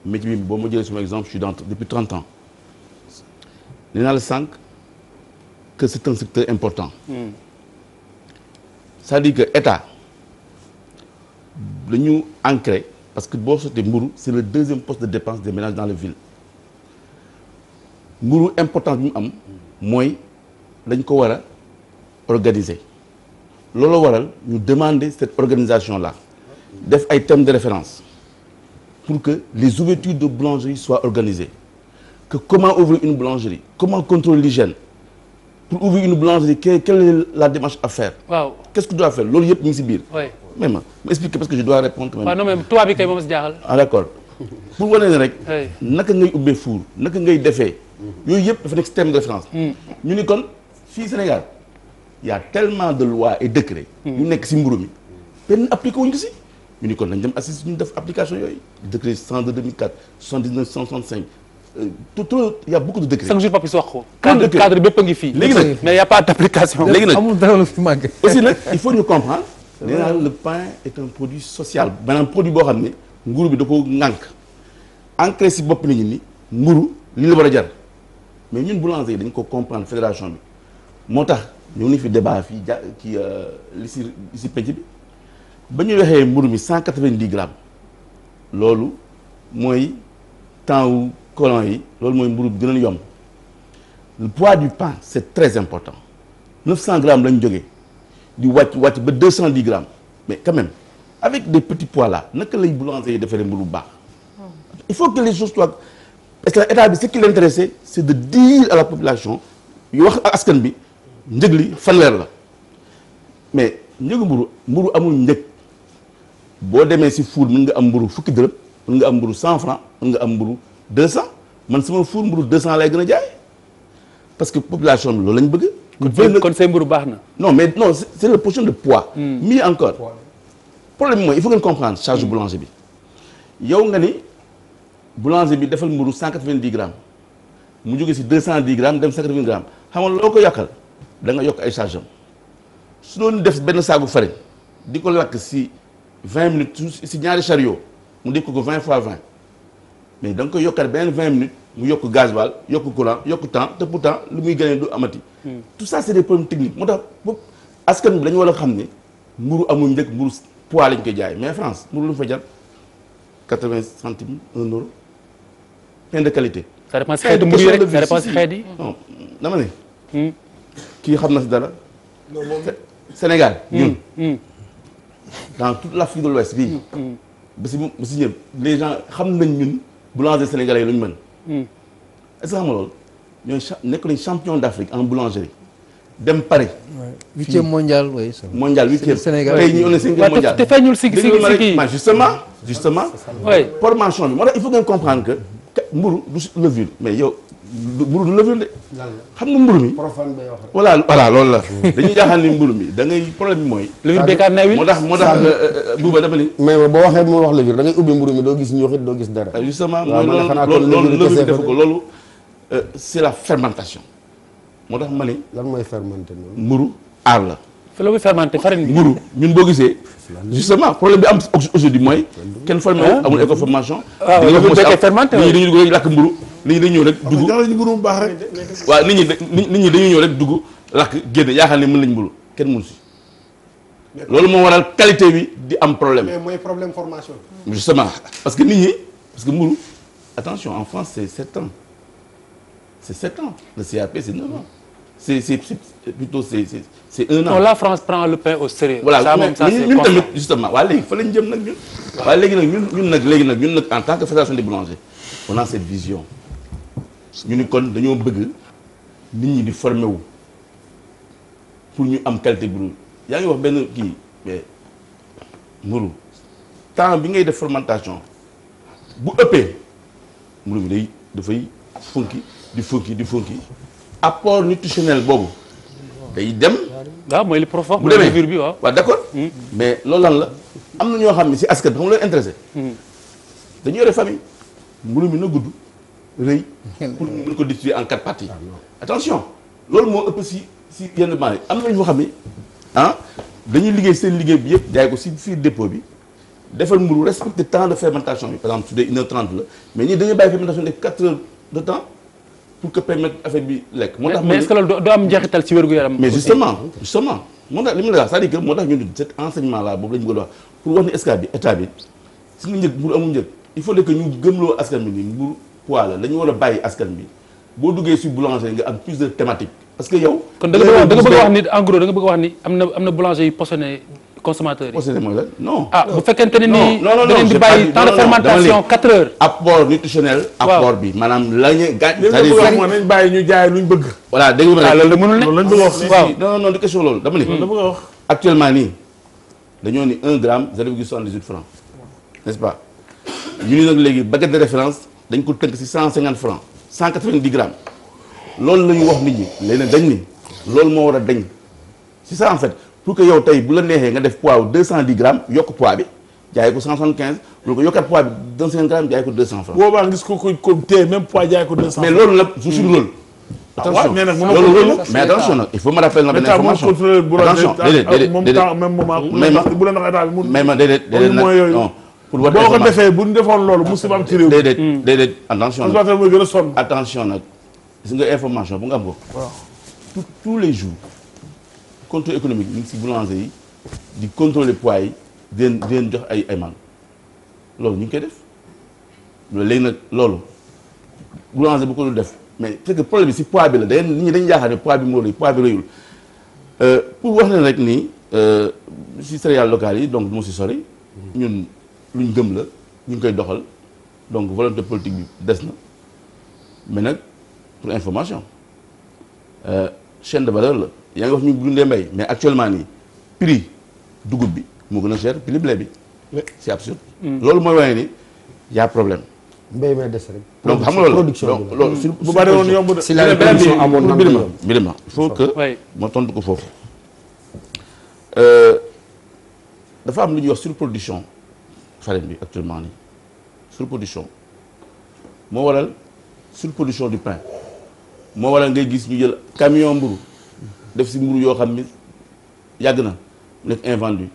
métier bi boo ma jëlee sama exemple je suis dans depuis 30 ans nee naa la sànq. que c'est un secteur important c'est-à-dire que état dañu ancré parce que boo sottee mburu c'est le deuxième poste de dépense des ménages dans les villes mburu importance bi mu am mooy dañ ko war a organiser loolu waral ñu demander cette organisation la def ay thèmes de référence pour que les ouvertures de boulangerie soient organisées que comment ouvrir une boulangerie comment contrôler l'hygiène pour ouvrir une boulangerie quelle est la démarche à waaw qu'est-ce que tu dois loolu yëpp ñu ngi si biir. oui mais ma ma expliquer parce que je dois répondre quand même. waaw non bi kay moom si jaaxal. ah d'accord pour wane ne rek. naka ngay ubbee fuur naka ngay defee. yooyu yëpp dafa nekk système de référence. Hmm. ñu ni kon fii Sénégal y a tellement de lois et décrets. Hmm. yu nekk si mburu mi benn appliqué wuñ si. ñu ni kon nañ dem assise ñu def application yooyu décret 102 2004 79 165. Euh, tout trop y' a beaucoup de décrets. chaque jour Papis wax ko. cadre cadre bépp a ngi fii. léegi nag mais y' a pas d' application. léegi nag amul dara lu fi manqué. aussi nag il faut ñu comprendre. nee naa le pain est un produit social. maanaam produit boo xam ne nguur bi da ko ŋànk. ancré si bopp nit ñi ni mburu li la war a jar mais ñun boulanger yi dañ ko comprendre fédération bi moo tax ñu ngi fi débat fii ja ci euh, li si li si penc bi ba ñu waxee mburu mi cent quatre-vingt-dix grammes loolu mooy temps wu colons yi loolu mooy mburu bi gën a yomb le poids du pain c'est très important 900 grammes lañ jógee di wàcc wàcc ba 210 grammes mais quand avec de petits poids là naka lay boulanger yi defaree mburu baax. il faut que les choses soient parce que état bi ce qui l'intéressait c'est de dire à la population yu wax askan bi njëg li faleer la mais njëgu mburu mburu amul njëg boo demee si four mën nga am mburu fukki dërëm mën nga am mburu 100 francs nga am mburu. deux 200 man sama four mburu 200 lay gën a jaay parce que population bi loolu lañ bëgg. kon say mburu baax na. non mais non c'est le portion de poids. Hmm. mieux encore problème bi mooy il faut ngeen comprendre hmm. bi yow nga ni boulanger bi defal mburu 190 grammes mu jógee si 210 grammes dem 180 grammes xam nga loo ko yàqal danga nga ay charge su doon def benn saagu farine di ko lakk si 20 minutes si ñaari chariot mu def ko ko vingt fois 20. mais da nga koy yokkaat benn vingt minutes mu yokk gasoil yokk courant yokk temps te pourtant lu muy gagné du amati. Hmm. tout ça c' est des problèmes techniques moo tax boobu askan bi dañu war a xam ne mburu amul njëkk mburu poids lañ koy jaay mais France mburu lu fa jar quatre vingt centimes un euro pain de qualité. ça dépend si xeetu mburu hmm. kii xam na si dara. Sénégal hmm, ñun. dans toute la Afrique de l' Ouest ba si ba si xam nañ ñun. boulanger sénégalais yi lu ñu mën. est-ce que xam nga nekk nañ champion d'Afrique en boulangerie dem Paris. huitième mondial oui. mondial huitième Sénégal tey ñu on est cinquième mondial te feeñul si si kii justement. justement formation bi moo tax il faut ngeen comprendre que mburu du levure mais yow. mburu du lëf de. xam nga mburu mi. profane bay wax rek voilà loolu la. dañuy jaaxal ni mburu mi da ngay problème bi mooy. li muy béykat nawet moo euh, euh, da ngay ah, mooy euh, la mooy fermenté noonu. mburu aar la. la muy fermenté farine bi. mburu ñun boo gisee. justement problème bi am aujourd'hui mooy. kenn formé ah. amul éco formation. waaw waaw dañuy lakk mburu nit ñi dañu ñëw rek dugg ñu mburu mu baax rek waaw nit ñi nit ñi dañu ñëw rek dugg lakk génn yaakaar ne mën nañ mburu kenn mënu si loolu moo waral qualité bi di am problème mooy problème formation justement parce que nit ñi parce que mburu attention en France c'est sept ans c'est sept ans le CAP c'est neuf c'est c'est c'est un an. non la France prend le pain au sérieux. ñun tamit justement waa léegi fa jëm nag ñun. waaw léegi nag ñun nag en tant que fédération des boulangers on cette vision. ñu ni kon dañoo bëgg nit ñi di formé wu pour ñu am qualité bu yaa ngi wax benn kii mais mburu temps bi ngay def fermentation bu ëppee mburu mi day dafay funki di funki di funki apport nutritionnel boobu day dem. waaw ah, mooy li profond bu demee bi waaw. waaw hmm. mais loolu lan la am na ñoo xam ne si askan bi xam nga loolu intéressé. Hmm. dañu yore famille mburu mi na gudd. rëy. <laughs> pour ñu mën ko distribuer en quatre parties. attention loolu moo ëpp si si yenn banques yi am na ñoo xam ne ah dañuy liggéey seen liggéey bi yëpp jaay ko si fii dépôt bi defal mburu respecter temps de fermentation bi par exemple su dee une la mais de justement justement moo tax li ma la wax c'est-à-dire que moo tax ñu ne cet enseignement là boobu la ñu bëgg a wax pour wax ni escale bi état bi suñu njëg mburu amul njëg il faut que ñu gëmloo askan bi nii poids la war a bàyyi askan bi boo duggee si boulangerie nga am plus de thématique parce que yow. kon da bëgg da wax ni en gros da nga wax ni am na am na boulanger yi. poissonné mooy la non. ah ñu. jaay luñ bëgg. voilà dégg nga ma ne. Ah, loolu la mënul ne loolu bëgg waaw non non du ne. loolu bëgg a actuellement nii dañoo ni 1 gramme 0,78 francs pas ñu ni nag léegi baguette de référence dañ ko tënk si 150 francs 190 grammes loolu la ñu wax nit ñi léeg-léeg dañ ni loolu moo war a dañ si ça en pour que yow tey bu la neexee nga def poids wu 210 grammes yokk poids bi jaay ko 175 pour que yokkat poids bi 250 grammes jaay ko 200 francs. boobaa gis ko ko ko tey même poids jaay ko 200. mais loolu nag su suñu hmm. attention il faut ah, ma rappel na benn information attention mais ma déedéet pour boo ko defee bu ñu defoon loolu musiba am ci réew. déedéet déedéet attention nag mooy gën a sonn. attention nag gis nga information bu nga am ko. waaw tous les jours contrôle économique ñu ngi si boulanger yi di contrôler poids yi di leen di leen jox ay ay man loolu ñu ngi koy def léegi nag loolu boulanger bu ko dul def mais c'est que problème bi si poids bi la day nit ñi dañuy yaakaar ne poids bi moo rëy poids bi rëyul euh, pour wax leen rek ni si céréales locales yi donc moo si sori ñun. luñ gëm la ñu ngi koy doxal donc volonté politique bi des na mais nag pour information euh, chaîne de valeur la yaa ngi wax ñu dundee mbay mais actuellement nii prix dugub bi moo gën a cher prix blé bi c'est absurde mm. loolu mooy wane ni y problème mbay may des rek. donc xam nga loolu donc loolu si. Mm. bu bari woon yomb de si la production amoon na mbir ma mbir ma il faut que. ma tontu ko foofu. Euh, dafa am lu ñuy wax surproduction. farine bi actuellement nii surproduction moo waral surproduction du pain moo waral ngay gis ñu jël camion mburu def si mburu yoo xam ni yàgg na nekk invendu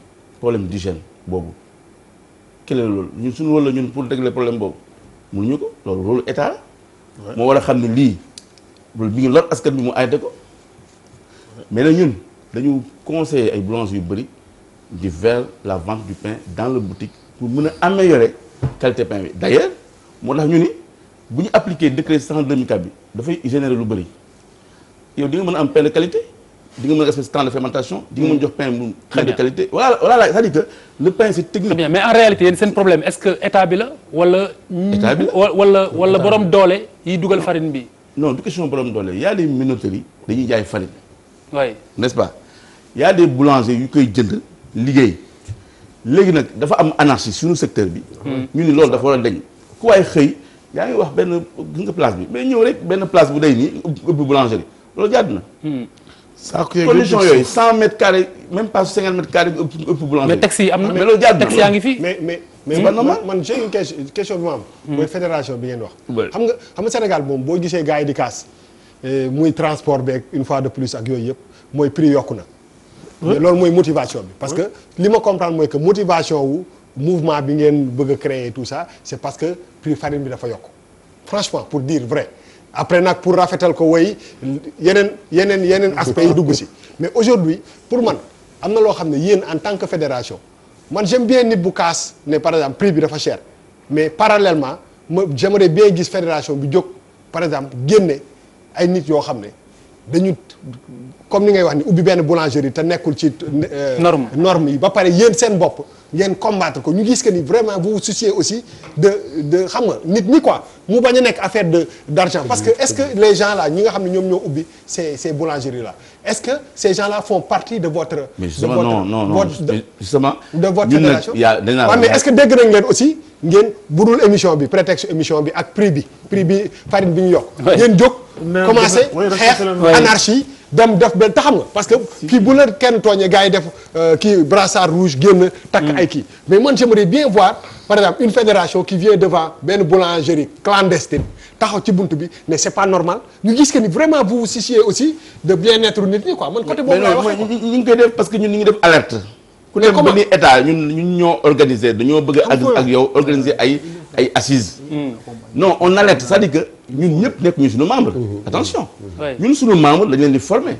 problème d'hygiène boobu kële loolu ñun suñu rôle la ñun pour régler problème boobu mënuñu ko loolu rôle état moo war a xam ne lii loolu mi ngi lor askan bi mu arrêté ko mais ñun dañu conseiller ay boulangeries yu bëri di vers la vente du pain dans la boutique pour mën a améliorer qualité pain bi d' ailleurs moo tax ñu ni bu ñu appliquer décret 102 2004 bi dafay générer lu bëri yow di nga mën a am pain de qualité di nga mën a respecter temps de fermentation di nga mën jox pain bu très de qualité voilà voilà c'est-à-dire en seen problème est-ce que bi la wala. bi la wala wala borom doole yiy dugal farine bi. non du question borom doole y a des minoteries dañuy jaay farine. oui n'est-ce pas y a des yu koy jënd liggéey. léegi nag dafa am anarchie suñu secteur bi. ñu ni loolu dafa war a dañ ku waaye xëy yaa ngi wax benn gis nga place bi mais ñëw rek benn place bu day nii ubbi boulangerie loolu jàdd na. saako yeeg condition yooyu cent mètres carrés même pas cinquante mètres carrés nga ëpp ëpp am na mais loolu jàdd na taxi yaa ngi fi. mais mais mais man man j'ai une question question bi ma am. Hmm. mooy fédération bi ngeen wax. xam nga xam nga Sénégal moom boo gisee gars yi di kaas eh, muy transport beeg une fois de plus ak yooyu yëpp mooy prix yokku na. mais loolu mooy motivation bi parce que li ma comprendre mooy que motivation wu mouvement bi ngeen bëgg a créer tout ça c'est parce que prix farine bi dafa yokk franchement pour diir vrai après nag pour rafetal ko woy yeneen yeneen yeneen aspect yi dugg si mais aujourd'hui pour man am na loo xam ne yéen en tant que fédération man j'aime bien nit bu kaas ne par exemple prix bi dafa chair mais parallèlement ma j'aimerais bien gis fédération bi jóg par exemple génne ay nit yoo xam ne dañu comme ni ngay wax ni ubbi benn boulangerie te nekkul ci. Euh, norme norme yi ba pare yéen seen bopp ngeen combattre ko ñu gis que ni vraiment vous vous aussi de de xam nga nit ñi quoi mu bañ a nekk affaire de d' argent. parce que est ce que les gens là ñi nga xam ne ñoom ñoo ubbi ces ces boulangeries la est-ce que ces gens-là font partie de votre. Mais justement, de votre non non non votre, de, fédération waaw ah, est-ce que dégg nañ leen aussi ngeen budul émission bi prétexte émission bi ak prix bi prix bi farine bi ñu yokk. ngeen jóg commencé xeex anarchie. dem def benn taxam nga parce que kii bu la kenn tooñee gars yi def euh, kii brassard rouge génn. takk mm. ay kii mais man j'aimerais bien voir par exemple une fédération qui vient devant benn boulangerie clandestine. taxaw ci buntu bi mais c'est pas normal ñu gis que ni vraiment vous vous souciez aussi de bien-être nit ñi quoi man côté boobu laay waxee ñu ngi koy def ñu ni état ñun ñun dañoo bëgg ak ak yow organiser ay ay assises on alerte c'est-à-dire ñun ñëpp nekk ñu suñu membre mmh. Mmh. attention ñun suñu membre dañ leen di former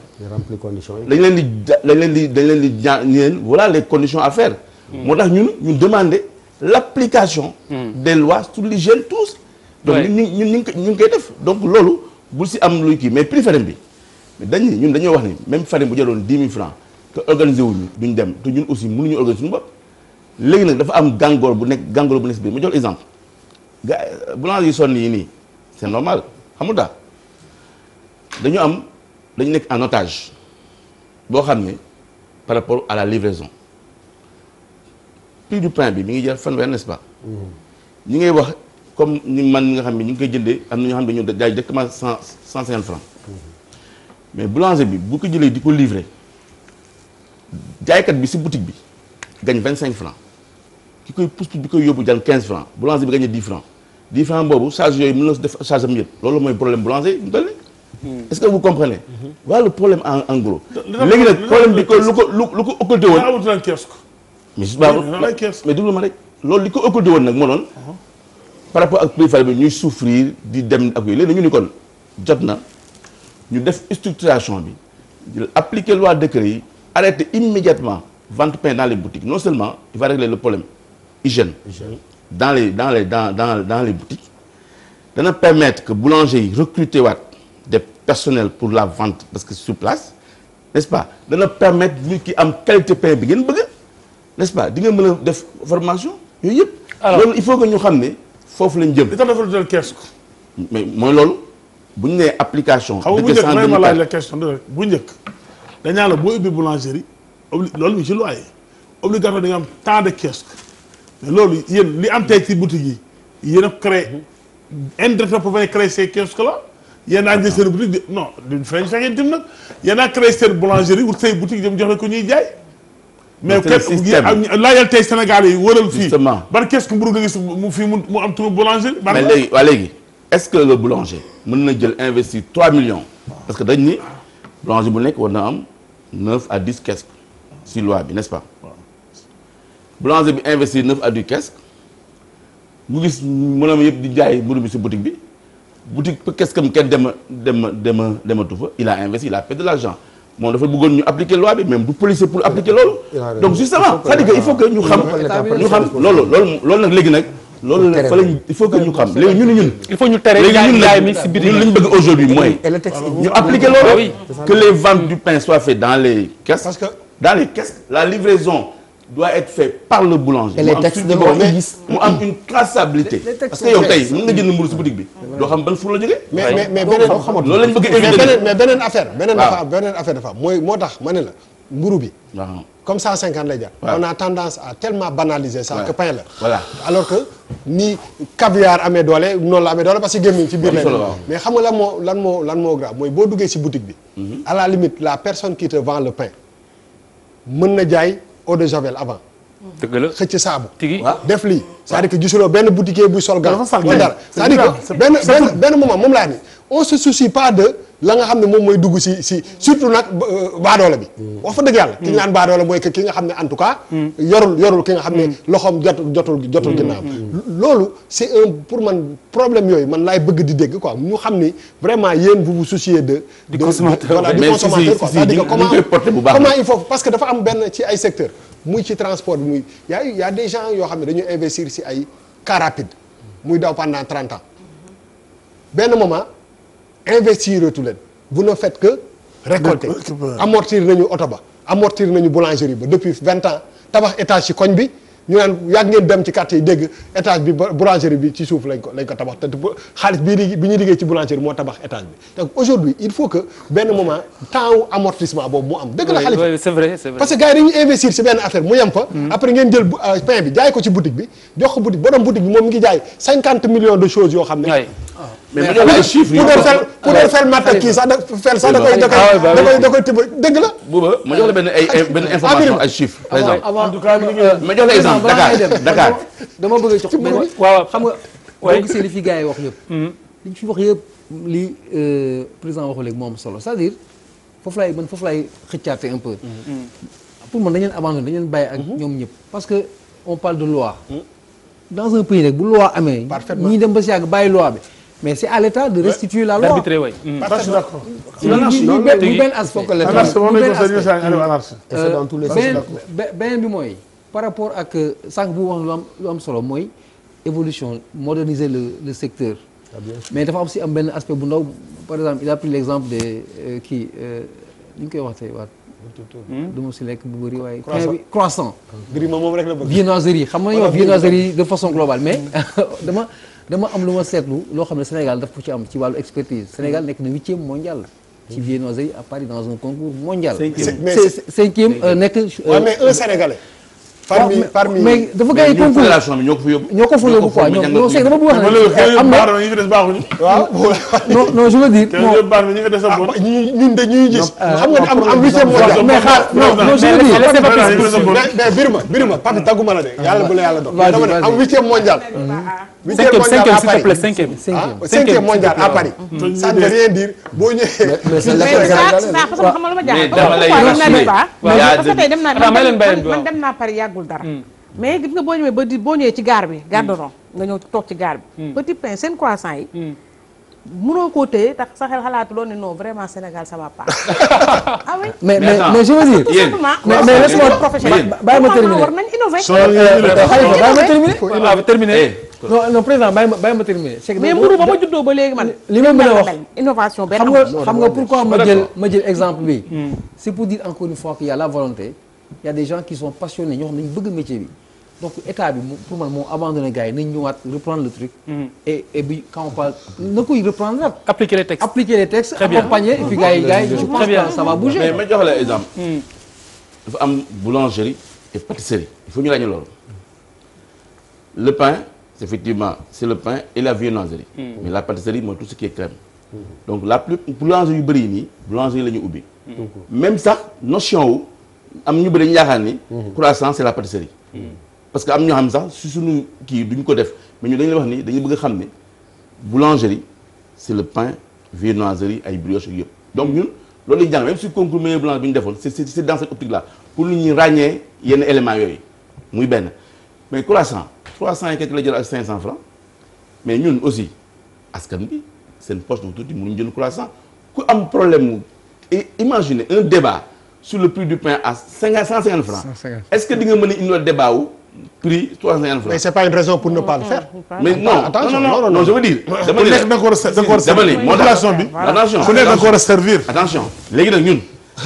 dañ leen di dañ leen di dañ leen di jan leen voilà les conditions à faire mmh. moo tax ñun ñu demander l'application des lois sur l'hygiène tous donc ñun ñu ñu ñu ngi koy def donc loolu bu si am lu kii mais prix farine bi dañ ñun dañoo wax ni même farine bu jëloon 10 000 francs te organisé wuñu duñ dem te ñun aussi mënuñu organiser suñu bopp léegi nag dafa am gàngoor bu nekk gàngoor bu nekk si biir ma jox exemple ga boulangerie yi sonn yi nii c'est normal xamul daal dañu am dañu nekk en otage boo xam ne par rapport à la livraison prix du pain bi mi ngi jar fanweer n'est-ce pas mm. ngay wax comme ni man nga xam ne ñu ngi koy jëndee am na ñoo xam ne dañoo jaay directement cent cent cinquante francs mais boulanger bi bu ko jëlee di ko livrer jaaykat bi si boutique bi gañ vingt cinq francs ki koy pousse bi koy yóbbu jàng quinze francs boulanger bi gañee dix francs dix francs boobu charge yooyu mën na def charge am yëpp loolu mooy problème boulanger mu toll nii est-ce que vous comprenez voilà le problème en en gros léegi nag problème bi ko lu ko lu lu ko occulté loolu li ko occulté woon nag moo doon par rapport ak prix faible bi ñuy souffrir di dem ak yooyu léegi ñu ni kon jot na ñu def structuration bi appliquer loi décret yi arrêter immédiatement vente pain dans les boutiques non seulement il va régler le problème hygiène le les dans les dans dans dans les boutiques dana permettre que boulanger yi recruter waat des personnel pour la vente parce que sur place n'est-ce pas dana permettre nit ki am qualité pain bi ngeen bëgg nest pas di nga mën a def formation yooyu yëpp loolu il faut que ñu xam ne foofu lañ jëm. li tax dafa doon kees ko. mooy loolu bu ñu nee application. dëkk sans xam nga bu njëkk ma bu njëkk dañaa la boo ubbi boulangerie obli loolu mi da nga am temps de kiosque loolu yéen li am ci boutique yi yéen a créé indirectement pour fay créer a andi seen boutique non duñ feeñ sax yéen itam nag yéen ko ñuy jaay. mais képp laajal tey Sénégal yi wëral fii. justement ban kees m mburu nga gis mu fii mu am turu boulanger. mais léegi waa léegi est-ce que le boulanger mën na jël investir 3 millions. parce que dañ ni boulanger bu nekk war na am 9 à 10 kees si loi bi n'est-ce pas. boulanger bi investir 9 à 10 kees mu gis mënam yëpp di jaay mburu bi si boutique bi boutique kees kam kenn dem a dem a dem a dematu fa il a investi il a fait de l'argent moom dafa bëggoon ñu appliquer loi bi même du policier pour appliquer loolu. Ah, donc justement c'est-à-dire que il faut que ñu xam. ñu xam loolu loolu loolu nag léegi nag. loolu la fa lañ il faut que ñu xam léegi ñun ñun. il faut ñu tere yaay mi si biir léegi ñun lañ bëgg aujourd'hui mooy. ñu appliquer loolu. Ah que les ventes du pain soient faites dans les caisses. parce que dans les caisses la livraison. doit être fait par le boulanger. mu am mu am une traçabilité. parce que yow tey mën nga jënd mburu si boutique bi. doo xam ban four la jógee. mais mais mais beneen loolu affaire. beneen affaire dafa mooy moo tax ma ne la mburu bi. waaw comme 150 lay jar. on a tendance à tellement banaliser ça que pain la. voilà alors que ni caviar amee doole noonu la amee doole parce que gémmiñ ci biir lay mais xam nga lan moo lan moo lan moo mooy boo duggee si boutique bi. Mhm. à la limite la personne qui te vend le pain mën na jaay eau de javel avant. dëgg la xëcc saabu. tigi def lii c'est-à-dire que gisuloo benn boutiquier buy sol. gant dara cest à benn benn benn moment moom laa on se soucie pas de la nga xam ne moom mooy dugg si si surtout nag euh, baadoola bi. wax fa dëgg yàlla. ki ñu naan baadoola mooy que ki nga xam ne en tout cas. yorul yorul ki nga xam ne. loxoom jotul jotul jotul ginnaaw. loolu c' est un pour man problème yooyu man laay bëgg di dégg quoi ñu xam ni vraiment yéen vous vous souciez de. du consommateur voilà du consommateur quoi c'est-à-dire que comment comment il faut parce dafa am benn ci ay secteurs. muy ci transport bi muy y' a y' a des gens yoo xam ne dañu investir si ay car rapide muy daw pendant trente ans benn moment. investir tu leen vous ne faites que récolter amortir nañu oto ba amortir nañu boulangerie ba depuis vingt ans tabax états ci koñ bi ñu naan yàgg ngeen dem ci quartier yi dégg étage bi boulangerie bi ci suuf lañ ko tabax te xaalis bii bi ñuy liggéey ci boulangerie moo tabax étage bi parce que gars dañuy investir si benn affaire mu yem fa mm. après ngeen jël euh, pain bi jaay ko ci boutique bi jox ko boutique borom boutique bi moom ngi jaay cinquante de choses yoo xam ne ah, mais bu ah, fel pour doon fel ah, matt kii sax da fel sax da koy da koy da koy tibb dëgg la. buuba la Dakar balaa ngay dem Dakar dama bëgg a jox benn waaw xam nga boo gisee li fi gars yi wax yëpp li fi wax yëpp li président waxu léegi moo am solo c'est-à-dire foofu laay man foofu laay xëccaate un peu pour man dañu leen abandonné dañu leen bàyyi ak ñoom ñëpp parce que on parle de loi dans un pays bu loi amee ñii dem ba si yàgg bàyyi loi bi mais c'est à l'État de restituer la loi d'arbitrer waay. bi mooy. par rapport ak euh, sànq bu wax lu am solo mooy évolution moderniser le le secteur. Ah, mais dafa am si am benn aspect bu ndaw par exemple il l' exemple des euh, kii euh, ni ñu koy wax tey waat. Hmm? du ma si lekk bu waaye. croissant bi croissant. moom rek la bëgg. xam nga yow viennoiserie de façon globale mais hmm. <laughs> dama am lu ma seetlu loo xam ne Sénégal daf ko ci am ci wàllu expertise Sénégal hmm. nekk na huitième mondial. ci viennoiserie à Paris dans un concours mondial. cinquième cinquième nekk. mais un parmi parmi mais dafa gagné concours fédération bi ñoo ko fa yóbbu. ñoo ko fa yóbbu quoi ñoom non c'est dama bëgg wax ne am na ñi fi des baaxuñu. waaw <laughs> non non je veux dire. ñi ah, ñun de ñuy gis. xam nga ne am am huitième mondial. mais xaar non non je veux dire. mais Birima Birima Pape tàgguma la de. yàlla bu la yàlla doon dama ne am huitième mondial. cinquième mondial à Paris ah, cinquième cinquième mondial à Paris. Ah. ça ne veut rien dire boo ñëwee. mais c'est man dem naa Paris yàggul dara. Hmm. mais gis nga boo ñëwee ba di boo ñëwee ci gaar bi hmm. gare de Lyon nga ci gaar bi. Hmm. petit pain seen croissant yi. mënoo ko téye ne non vraiment Sénégal ça va pas. <laughs> ah oui mais mais mais je veux dire. yéen mais mais laisse-moi euh, bàyyi ma terminer. war nañ terminer. Eh, non non président bàyyi ma bàyyi ma terminer. c'est que mais muru ba ma juddoo ba léegi man. li ma mën a wax innovation benn xam nga ma jël ma exemple bi. Hmm. c'est pour dire encore une fois qu'il y a la volonté. il y a des gens qui sont passionnés ñoo xam ne bëgg métier donc état pour man moo abandonné gars yi nañ ñëwaat le truc. Hmm. et et bi on parle na koy reprendre nag. appliquer les textes appliquer les textes. très bien accompagner et puis gars yi hmm. exemple. dafa am boulangerie et il faut ñu ràññee loolu effectivement c'est le pain et la viennoiserie. Hmm. mais la pâtisserie mooy tout ce qui est crème. donc la plus boulangerie yu bëri yi nii boulangerie la ñu ubbi. Hmm. même sax notion wu am ñu bëri ñu yaakaar ni. Hmm. croissant c'est la pâtisserie. parce que am ñoo xam sax su suñu kii duñ ko def mais ñu dañu wax ni dañu bëgg a xam ne boulangerie c'est le pain viennoiserie ay brioche yëpp donc ñun loolu lañu jàng même si concours meilleur blanc bi ñu defoon c'est c'est dans cette optique là pour ñuy ràññee yenn éléments yooyu muy benn mais croissant trois cent et quelque la jël ak cinq cent francs mais ñun aussi askan bi seen poche bu m mënuñ jël croissant ku am problème mu imaginez un débat sur le prix du pain à cinquante cent cinquante francs est-ce que di nga mën débat wu prix trois cent cinquante francs mais c'est pas une raison pour ne pas le ah, faire mais non attention non non je veux dire dama ne nekk da ko dama ne population bi attention ku nekk da ko war a servir attention léegi nag ñun <laughs>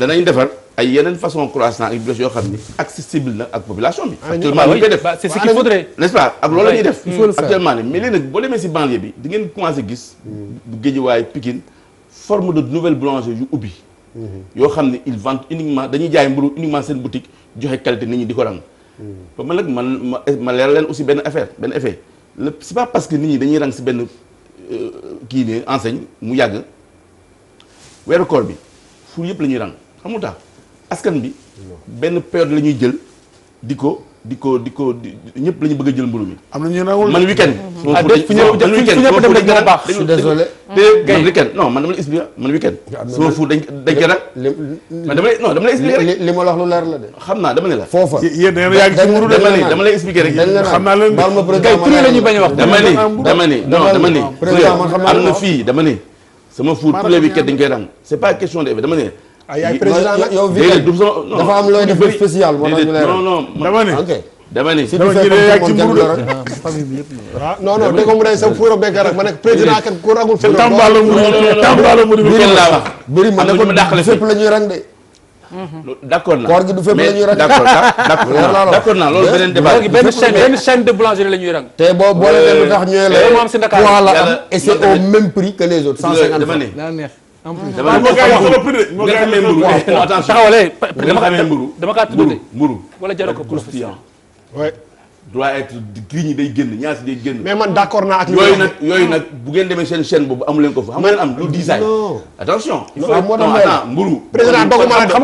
danañ defar ay yenn façon croissant ak brèche yoo xam ni accessible na ak population bi. Ah, actuellement ah, ñu koy def c'est ce qu'il faudrait n'est-ce pas ak loolu la ñuy def. mais si banlieue bi di ngeen commencé gis. Hmm. Guédiawaye Pikine forme de nouvelle boulangerie yu ubbi. Hmm. yoo xam ne ils vendent uniquement dañuy jaay mburu uniquement seen boutique joxe qualité nit ñi di ko rang. Hmm. ba man ma ma leeral leen aussi benn affaire benn effet le si pas parce que nit ñi dañuy rang si benn euh, kii ne enseigne mu yàgg weeru koor bi ful yëpp la ñuy rang xam nga askan bi benn période la ñuy jël di ko di ko di ko ñëpp la bëgg a jël mburu mi. na ñu man week ah, dem rek dina baax. je suis désolé. te man week sama fu dañ dañ koy man dama lay non dama lay expliquer rek. xam naa dama ne la. foofa yéen da ngeen yaa ngi ci dama lay a wax. dama ne am na fii dama ne. sama fu tous les week dañ koy naan c'est pas question de dama ne ah yaay yow Villain dafa am looy def spécial moo tax ñu lay non non dama <laughs> ah, ne rek ci mbuur mu day sa fuura beeg rek ma nekk président kat ku ragul fuura. tàmbaale mu di mu di kenn laa wax. de. d'accord naa koor gi du fépp la ñuy rang. d'accord d'accord naa loolu beneen débat. léegi benn la ñuy rang. te boo boole leen euh, lu tax ñooy la. poids la am et c'est au même que les autres. 150 dama ne. en plus dama xamee mburu dama xamee mburu dama kaa tuddee mburu wala jaroo ko croustillant doit être kii ñi day génn ñaar si day génn. mais man d' accord naa ak. yooyu nag yooyu nag bu ngeen demee seen chaîne boobu amu leen ko fa. xam ngeen am lu design. attention. il faut ah, non attends mburu. président doguma la de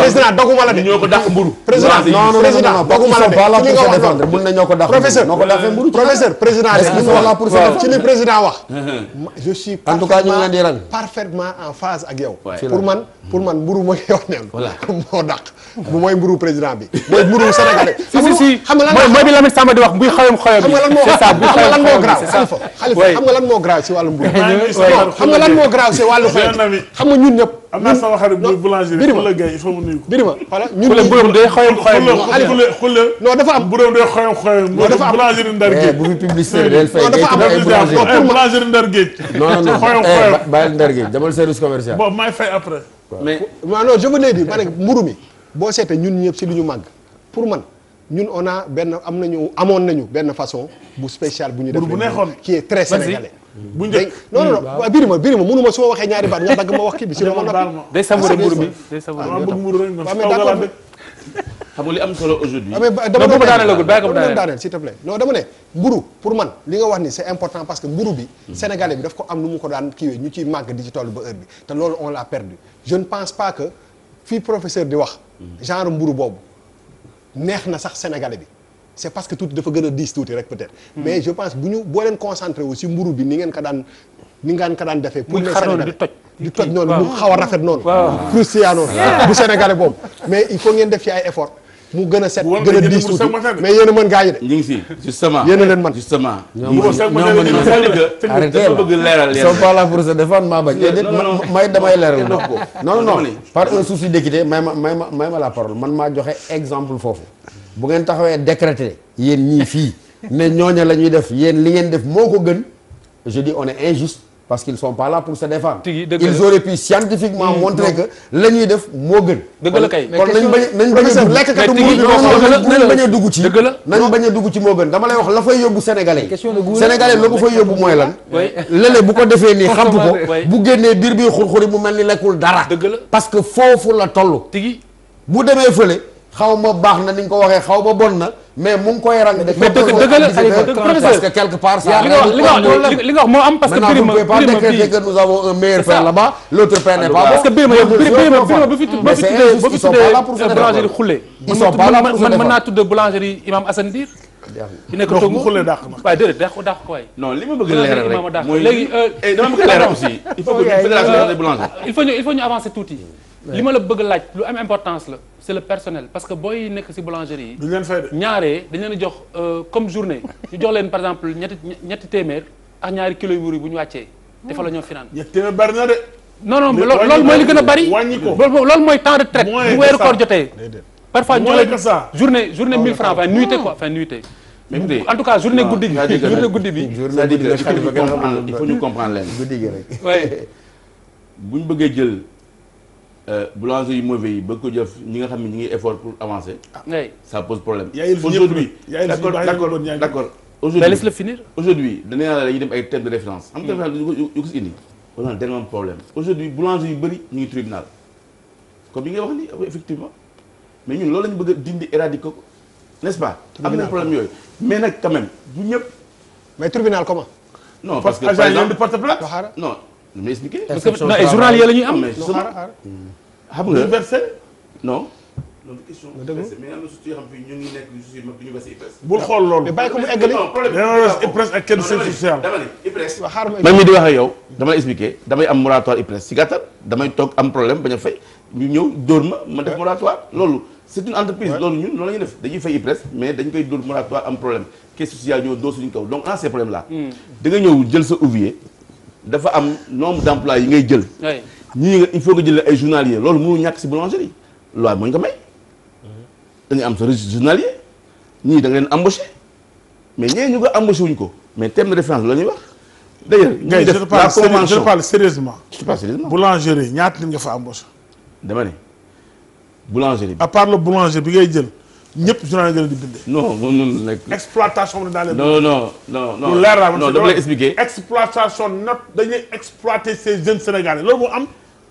président doguma la de. ñoo ko dàq mburu. président non président doguma la de. ki nga wax noonu mun na ñoo ko dàq. professeur noo ko dàqee mburu professeur président de. ci li président wax. <laughs> je suis. en tout cas ñu ngi leen di ran parfaitement en phase ak yow. pour man pour man mburu mooy yow neen. voilà <laughs> moo dàq. bu mooy mburu président bi mooy mburu sénégalais bi xam nga lan mooy mooy bi Lamine Samba di wax buy xawem xawem bi c'est ça buy xawem xawem bi c'est ça xalifa xam nga lan moo grave <laughs> si <laughs> wàllu mburu ñun ñun buróom eh, eh, eh, <laughs> ma ne mburu si lu ñu màgg man ñun on a benn am nañu amoon nañu benn façon bu spécial bu ñu def bu neexoon qui est très sénégalais bu njëkk non non non hmm. biri ma biri ma su ma waxee ñaari baat nga dagg ma wax kii bi si ma noppi day bi day ah, ah, am solo aujourd'hui ah, mais dama doon daaneel bàyyi ko mu daaneel s'il te plaît non nga wax ni c'est important parce que mburu bi hmm. sénégalais bi daf am nu mu ko daan kiiwee ñu ciy màgg di ci toll ba heure bi te loolu on l'a perdu je ne pense pas que fii professeur di wax hmm. genre mburu boobu neex na sax sénégalais bi c'est parce que tuuti dafa gën a diis tuuti rek peut-être mais je pense bu ñu boo leen concentré wu si mburu bi ni ngeen ko daan ni ngeen ko daan defee pour les sénégalais di toj noonu mu xaw a rafet noonu croustillant <laughs> noonu bu sénégalais boobu mais il faut ngeen def ci ay effort mu gën a set gën a diis tuuti mais yéen a mën gaa yi de. ñu ngi si justement yéen a leen mën justement. ñoom ñoo la bëgg leeral leeral. soo ba là pour se défendre maa bañ. may damay leeral ma non non par un souci d'équité mais ma mais ma may ma la parole man maa joxe exemple foofu bu ngeen taxawee décréter yéen ñii fii mais ñooña la ñuy def yéen li ngeen def moo ko gën je dis on est injuste parce qu'ils ils auraient pu scientifiquement montrer que la ñuy def moo gën dëgg la kay kon nañ bañ nañ bañ a lekkkatu a dugg ci nañ bañ a dugg ci moo gën dama lay wax la fay yóbbu sénégalais yi sénégalais fay yóbbu mooy lan lële bu ko defee nii xamtu ko bu génnee biir bi xurxuri mu mel ni lekkul dara parce que foofu la toll bu demee fële xaw ma baax na ni nga ko waxee xaw ma bon na mais mu ngi koy rang. mais dëgg dëgg la professeur parce que quelque part. ça li nga wax li nga wax moo am parce que. prime bi maintenant vous ne pouvez pas décréter que nous avons un meilleur père là-bas. l'autre père n'est pas bon. parce que prime bi fi ba fi tuddee ba fi tuddee boulangerie Khoule. ils sont pas là pour se euh, défendre mën naa tudd boulangerie Imam Assane Dir. ki nekk toog mu xulle dàq ma waaye déedéet dàq ko dàq ko waay non li ma bëgg leeral rek mooy léegi euh, eh, dama bëgg leeral aussi il faut que <laughs> fédération euh, des boulangers il faut ñu il faut ñu avancer tuuti li ma la bëgg laaj lu am importance la c' est le personnel parce que booy nekk ci boulangerie yi. duñ leen fay de ñaaree dañ leen jox euh, comme journée ñu jox leen par exemple ñetti ñetti téeméer ak ñaari kilo yu bëri bu ñu wàccee. dafa la ñoo finaan. ñetti téeméer bari na de. non non loolu mooy temps de traite. bu weeru koor jotee. parfois journée journée 1000 francs enfin nuitée mmh. quoi enfin nuitée. en tout cas journée guddi gi journée guddi bi. journée guddi bi il <laughs> <laughs> bëggee jël Euh, boulanger yu mauvais yi ba ko jëf ñi nga xam ne ñi ngi effort pour avancer. Ah. ça pose problème. aujourd'hui d'accord d'accord d'accord aujourd'hui laisse le finir. aujourd'hui dañu naan dañuy dem ay thèmes de référence. am na tamit hmm. yu ko si indi. on a tellement problème. aujourd'hui boulanger yu bëri ñu ngi tribunal comme yi nga wax ni ah effectivement mais ñun loolu lañu bëgg a dindi éradiquer ko n'est-ce pas. am na problème yooyu mais nag quand même du mais tribunal comment. non nu muy expliqué. parce que non ay am. mais hmm. xam nga versé non. loolu question mais am na surtout yoo xam ne ñu ngi nekk suñu mag du mii di wax ak yow. dama la damay am moratoire IPRES si gàttal damay toog am problème bañ a fay ñu ñëw dóor ma ma def moratoire loolu. c'est une entreprise loolu ñun loolu la ñuy def dañuy fay IPRES mais dañ koy dóor moratoire am problème caisse sociale ñëw dóor suñu kaw donc en ces problèmes là. Hmm. da ñëw jël sa ouvrier dafa am nombre d' yi ngay jël. ñii nga il faut nga jël ay journaliers loolu mënul ñàkk si boulangerie loi moo ñu ko may. dañu am sa registre journalier ñii da nga leen embauché mais ñee ñu ko embauché wuñ ko mais terme de référence la ñuy wax. d' ailleurs ñuy def la convention je parle sérieusement je sérieusement boulangerie ñaata nit nga fa embauché. dama ne boulangerie. à part le boulanger bi ngay jël. ñëpp journal yi di bindee. non non nekk. exploitation bi daal non non non non lu leer laa non dama lay expliquer. exploitation nag dañuy exploiter ces jeunes sénégalais loolu moo am.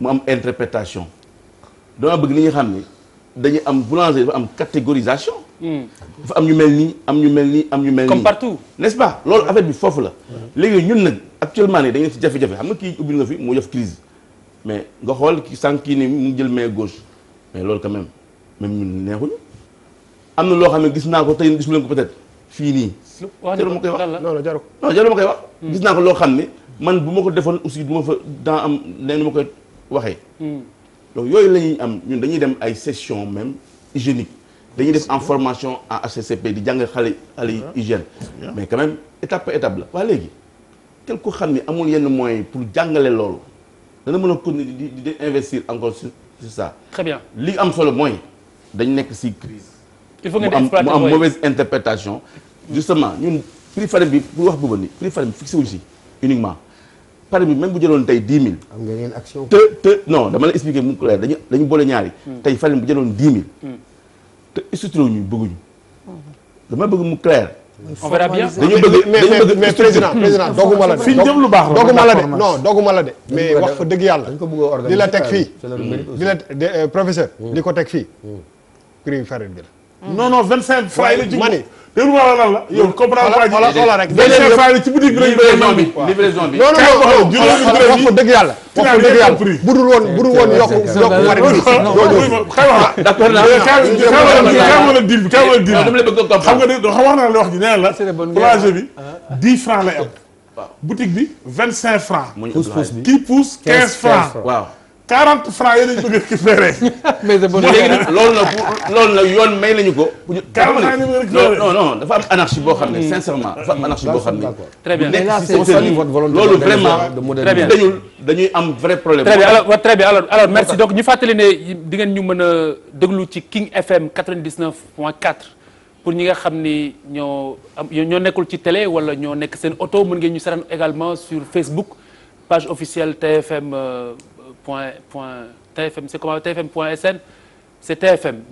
mu am interprétation dama bëgg li nga xam ni dañu am boulanger dafa am catégorisation. Hmm. dafa am ñu mel nii am ñu mel nii am ñu mel nii. comme partout nest loolu affaire bi foofu la. léegi ñun nag actuellement nii dañu ci jafe-jafe xam kii ubbi na fi mu def crise mais nga xool ki sànq kii nii mu jël main gauche mais loolu quand même même ñun neexuñu am na loo xam ne gis naa ko tey gisu leen ko peut-être fii nii. jarul ma koy wax non jarul ma koy wax. Hmm. gis naa ko loo xam ne man bu ma ko defoon aussi du ma fa daa am nu ma koy. waxee. Hmm. donc yooyu la am ñun dañuy dem ay session même hygiénique dañuy def en hmm. formation en di jàng xale xale yi mais quand même étape par la. waa léegi kenn ko xam ni amul yenn mooy pour jàngale loolu dana mën a continuer di di investir encore sur sur ça. très bien li am solo mooy dañ nekk si crise il faut nga di mu am mauvaise interprétation. Hmm. justement ñun prix farine bi pour wax boobu ni prix farine fixé si uniquement. pari bi même bu jëloon tey dix mille. am ngeen action. te te non dama la expliqué mu clair dañu dañu boole ñaari. tey farine bu jëloon dix mille. te structuré ñu bëgguñu. dama bëgg mu clair. on verra bien dañu bëgg dañu bëgg mais président président dooguma la de. fi ñu lu baax la dooguma la de non dooguma la de. mais wax dëgg yàlla. dañu ko bëgg a organiser di la teg fii. di la professeur. di ko teg fii. prix farine bi non non 25 francs yi la jigéen mani déglu ma la lan la yow comprendre waa ji xoolal rek la ci bi livraison bi livraison bi non non non wax wax ko dëgg yàlla wax d'accord naa ah, xam nga dil bi xam wax naa la wax ji nee la boulangerie bi 10 ah. francs lay am boutique bi 25 francs kii pousse 15 francs 40 francs yéen a bëgg <laughs> loolu na yoon may nañu ko. bu ñu non non dafa am anarchie boo xam ne hmm. sincèrement dafa am anarchie boo xam ne. très bien loolu vraiment très bien dañul dañuy am vrai problème. très bien alors très bien alors alors merci donc ñu fàttali ne di ñu mën a déglu ci King FM pour ñi nga xam ni ñoo am ñoo nekkul ci télé wala ñoo nekk seen oto mën ngeen ñu saraan également sur Facebook page officielle TFM. Euh, point point TFM c'est comment TFM point sn c'est TFM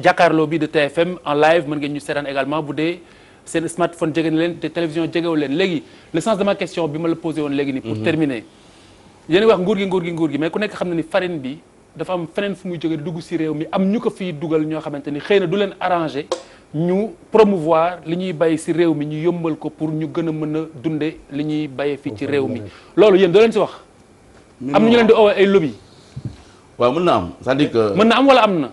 jàkkaarloo bi de TFM en live mën ngeen ñu seetaan également bu dee seen smartphone jege na leen te télévision jegewul leen léegi le sens de ma question bi ma la posé woon léegi ni pour mhm. terminer yéen wax nguur gi nguur gi nguur gi mais ku nekk xam na ni farin bi dafa am feneen fu muy jóge dugg ci réew mi am ñu ko fii dugal ñoo xamante ni xëy na du leen arranger ñu promouvoir li ñuy bay ci réew mi ñu yombal ko pour ñu gën a mën a dunde li ñuy bayee fii ci réew mi loolu yéen doo leen ci wax am na ñu leen di owee ay lobby. waaw mën na am c'est-à-dire que. mën na am wala am na.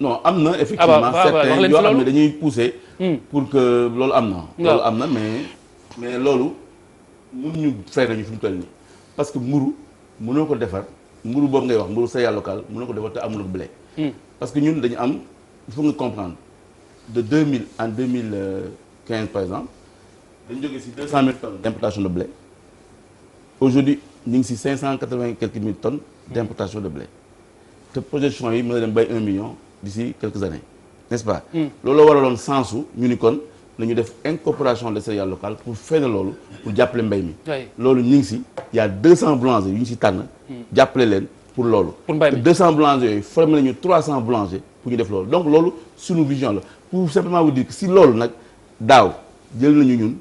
non am na ah, effectivement certains yoo xam ne dañuy pousser. Hmm. pour que loolu am na. loolu am na mais mais loolu mënuñu fay nañu fi mu toll nii parce que mburu noo ko defar mburu boobu ngay wax mburu céréale locale mënoo ko defar te amuloo blé. Hmm. parce que ñun dañu am il faut nga comprendre de 2000 en 2015 par exemple dañu jógee si cent 000 tonnes d' importation de blé ñu ngi si cinq cent quatre vingt quelques mille tonnes d' importation de blé te projection yi mën na bay un million d'ici quelques années n'est-ce pas mm. loolu waraloon sensu ñu ni kon nañu def incorporation de céréales locales pour feeñal loolu pour jàppale mbay mi loolu ñu ngi si y a deux cent boulangers yu ñu si tànn mm. jàppale leen pour loolu te deux cent boulangers yooyu formé nañu trois cent boulangers pour ñu def loolu donc loolu suñu vision la pour simplement vous dire si loolu nag daaw jël nañu ñun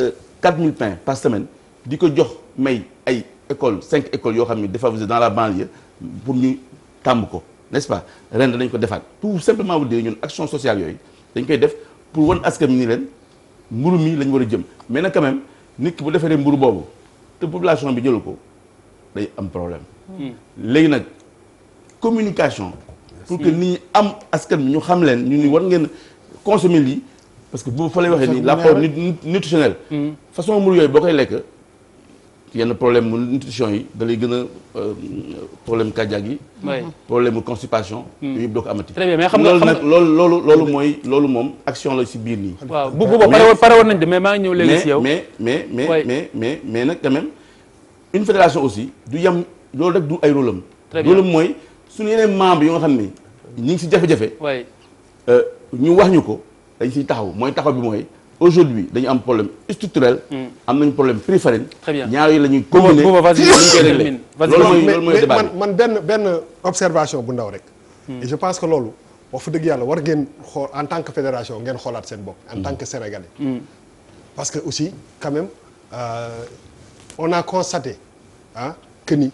euh, quatre mille pains par semaine di ko jox may école cinq écoles yoo xam ni défavorisées dans la banlieue pour ñu tàmb ko n'est-ce pas ren dañ ko defaat tout simplement vous dire ñun action sociale yooyu dañ koy def pour wan askan ni leen mburu mi lañ war a jëm mais nag quand même nit ki bu defaree mburu boobu te population bi jëlu ko day am problème. Hmm. léegi nag communication. pour que ni ñi am askan bi ñu xam leen ñu ni war ngeen consommer lii parce que bu fa lay waxee nii l'apport nutritionnel hmm. façon mburu yooyu boo koy lekk. yenn problème mu nutrition yi da lay gën a euh, problème cardiaque yi. problème mu constipation. Hmm. yooyu yëpp doo ko amati. très bien mais xam nga loolu nag loolu loolu loolu mooy loolu moom action la si biir nii. waaw bu bu boobu pare woon nañu de mais maa ngi ñëw léegi si yow. mais mais mais mais mais mais nag quand même une fédération aussi du yem loolu rek du ay rôle am. très bien rôle am mooy suñu yeneen membres yi nga xam ni ñu ngi si jafe-jafe. Euh, ñu wax ñu ko dañ siy taxaw mooy taxaw bi mooy. aujourd'hui dañu am problème structurel. Hmm. am nañu problème prix farine. très bien ñaar yi la ñuy y loolu mooy loolu mooy man benn benn observation bu ndaw rek. Hmm. et je pense que loolu wax fa dëgg yàlla war ngeen xool en tant que fédération ngeen xoolaat seen bopp. en hmm. tant que sénégalais. parce que aussi quand même euh, on a constaté ah que ni